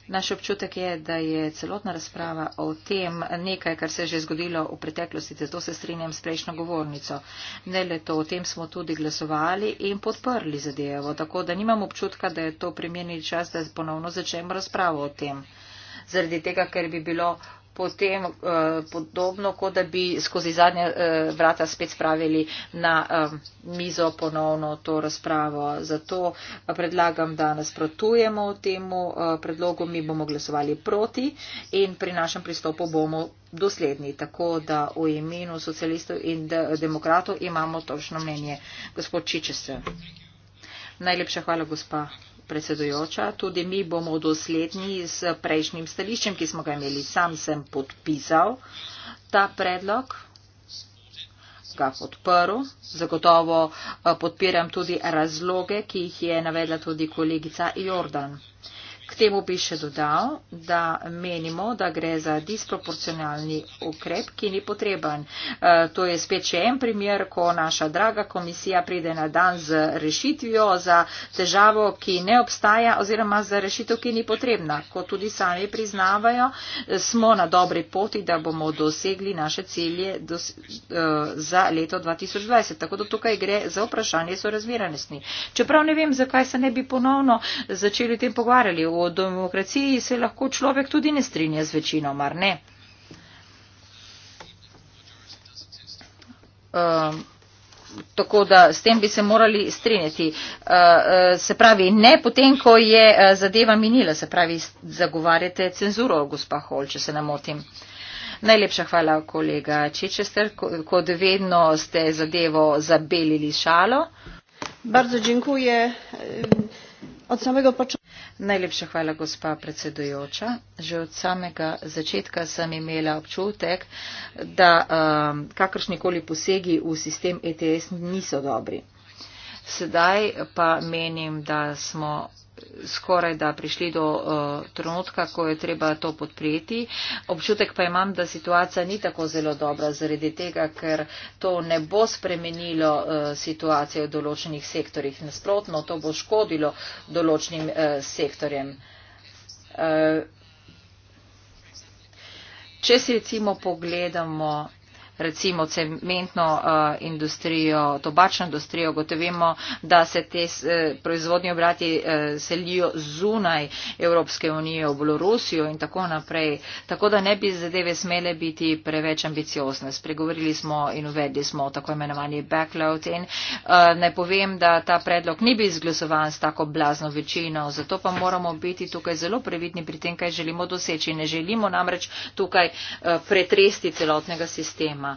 S1: Naš občutek je, da je celotna razprava o tem nekaj, kar se je že zgodilo v preteklosti, zato se strinjam s prejšnjo govornico. Ne le to, o tem smo tudi glasovali in podprli zadevo, tako da nimam občutka, da je to primerni čas, da ponovno začnemo razpravo o tem. Zaradi tega, ker bi bilo potem eh, podobno, kot da bi skozi zadnja eh, vrata spet spravili na eh, mizo ponovno to razpravo. Zato eh, predlagam, da nasprotujemo temu eh, predlogu, mi bomo glasovali proti in pri našem pristopu bomo dosledni, tako da v imenu socialistov in de demokratov imamo točno mnenje. Gospod Čičese. Najlepša hvala, gospa predsedujoča, tudi mi bomo dosledni z prejšnjim stališčem, ki smo ga imeli. Sam sem podpisal ta predlog, ga podprl. Zagotovo eh, podpiram tudi razloge, ki jih je navedla tudi kolegica Jordan temu bi še dodal, da menimo, da gre za disproporcionalni ukrep, ki ni potreben. E, to je spet še en primer, ko naša draga komisija pride na dan z rešitvijo za težavo, ki ne obstaja oziroma za rešitev, ki ni potrebna. Ko tudi sami priznavajo, smo na dobri poti, da bomo dosegli naše cilje dos, e, za leto 2020. Tako da tukaj gre za vprašanje sorazmiranosti. Čeprav ne vem, zakaj se ne bi ponovno začeli o tem pogovarjali. V demokraciji se lahko človek tudi ne strinja z večino, mar ne. Uh, tako da s tem bi se morali strinjati. Uh, uh, se pravi, ne potem, ko je uh, zadeva minila, se pravi, zagovarjate cenzuro, gospa Hol, če se ne motim. Najlepša hvala, kolega Čečester, ko, kot vedno ste zadevo zabelili šalo. Bardzo dziękuję od samega početka. Najlepša hvala, gospa predsedujoča. Že od samega začetka sem imela občutek, da um, kakršnikoli posegi v sistem ETS niso dobri. Sedaj pa menim, da smo skoraj da prišli do uh, trenutka, ko je treba to podpreti. Občutek pa imam, da situacija ni tako zelo dobra zaradi tega, ker to ne bo spremenilo uh, situacije v določenih sektorjih. Nasprotno, to bo škodilo določenim uh, sektorjem. Uh, če si recimo pogledamo recimo cementno eh, industrijo, tobačno industrijo, gotovimo, da se te eh, proizvodni obrati eh, selijo zunaj Evropske unije v Belorusijo in tako naprej. Tako da ne bi zadeve smele biti preveč ambiciozne. Spregovorili smo in uvedli smo tako imenovani backload in ne povem, da ta predlog ni bil izglasovan s tako blazno večino, zato pa moramo biti tukaj zelo previdni pri tem, kaj želimo doseči. Ne želimo namreč tukaj pretresti celotnega sistema problema.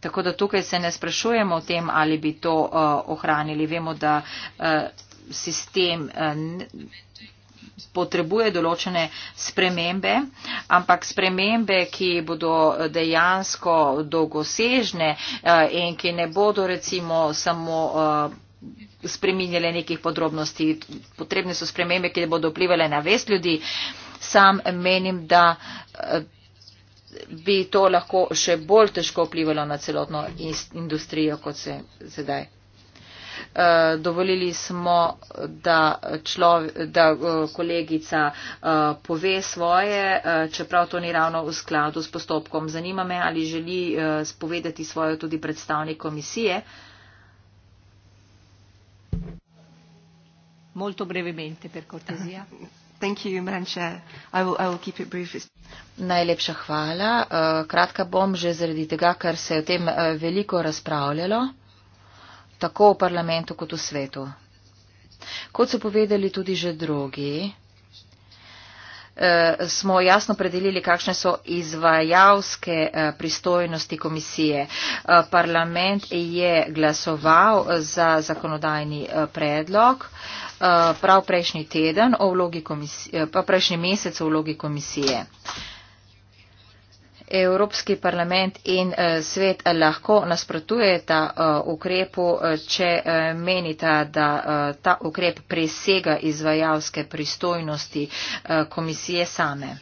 S1: Tako da tukaj se ne sprašujemo o tem, ali bi to uh, ohranili. Vemo, da uh, sistem uh, potrebuje določene spremembe, ampak spremembe, ki bodo dejansko dolgosežne uh, in ki ne bodo recimo samo. Uh, spreminjale nekih podrobnosti. Potrebne so spremembe, ki bodo vplivali na vest ljudi. Sam menim, da bi to lahko še bolj težko vplivalo na celotno industrijo, kot se sedaj. Eh, dovolili smo, da, človek, da eh, kolegica eh, pove svoje, čeprav to ni ravno v skladu s postopkom. Zanima me, ali želi spovedati svojo tudi predstavnik komisije. Molto brevemente, per cortesia. Thank you, Madam Chair. I will, I will keep it brief. Najlepša hvala. Eh, kratka bom že zaradi tega, ker se je o tem eh, veliko razpravljalo, tako v parlamentu kot v svetu. Kot so povedali tudi že drugi, Eh, smo jasno predelili, kakšne so izvajalske eh, pristojnosti komisije. Eh, parlament je glasoval za zakonodajni predlog prav prejšnji teden, pa prejšnji mesec o vlogi komisije. Evropski parlament in eh, svet lahko nasprotujeta eh, ukrepu, eh, če menita, da ta ukrep presega izvajalske pristojnosti komisije same.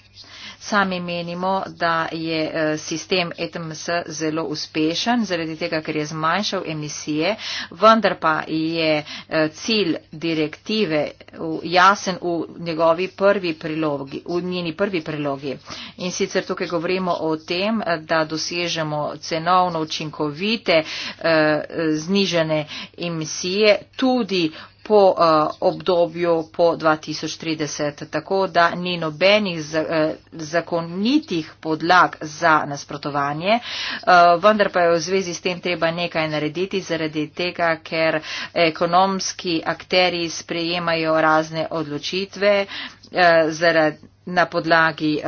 S1: Sami menimo, da je eh, sistem ETMS zelo uspešen, zaradi tega, ker je zmanjšal emisije, vendar pa je eh, cilj direktive jasen v njegovi prvi prilogi, v njeni prvi prilogi. In sicer tukaj govorimo o tem, eh, da dosežemo cenovno učinkovite, znižene emisije, tudi po eh, obdobju po 2030. Tako da ni nobenih eh, zakonitih podlag za nasprotovanje, eh, vendar pa je v zvezi s tem treba nekaj narediti zaradi tega, ker ekonomski akteri sprejemajo razne odločitve zaradi, na podlagi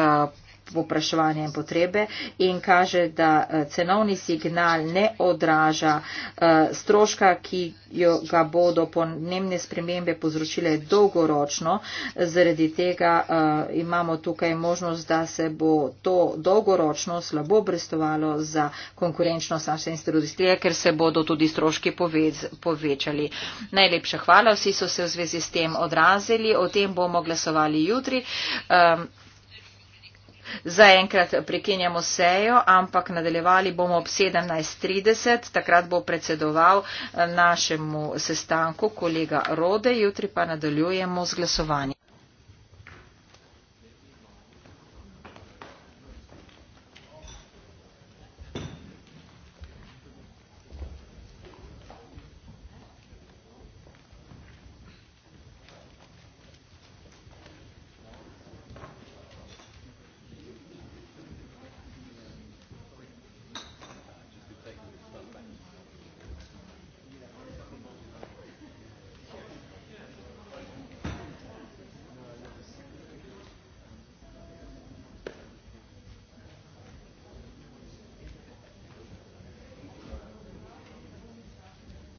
S1: povpraševanja in potrebe in kaže, da eh, cenovni signal ne odraža eh, stroška, ki jo ga bodo ponemne spremembe povzročile dolgoročno. Zaradi tega eh, imamo tukaj možnost, da se bo to dolgoročno slabo brestovalo za konkurenčnost naše industrije, ker se bodo tudi stroški povečali. Najlepša hvala, vsi so se v zvezi s tem odrazili, o tem bomo glasovali jutri. Um, Zaenkrat prekinjamo sejo, ampak nadaljevali bomo ob 17.30. Takrat bo predsedoval eh, našemu sestanku kolega Rode, jutri pa nadaljujemo z glasovanjem.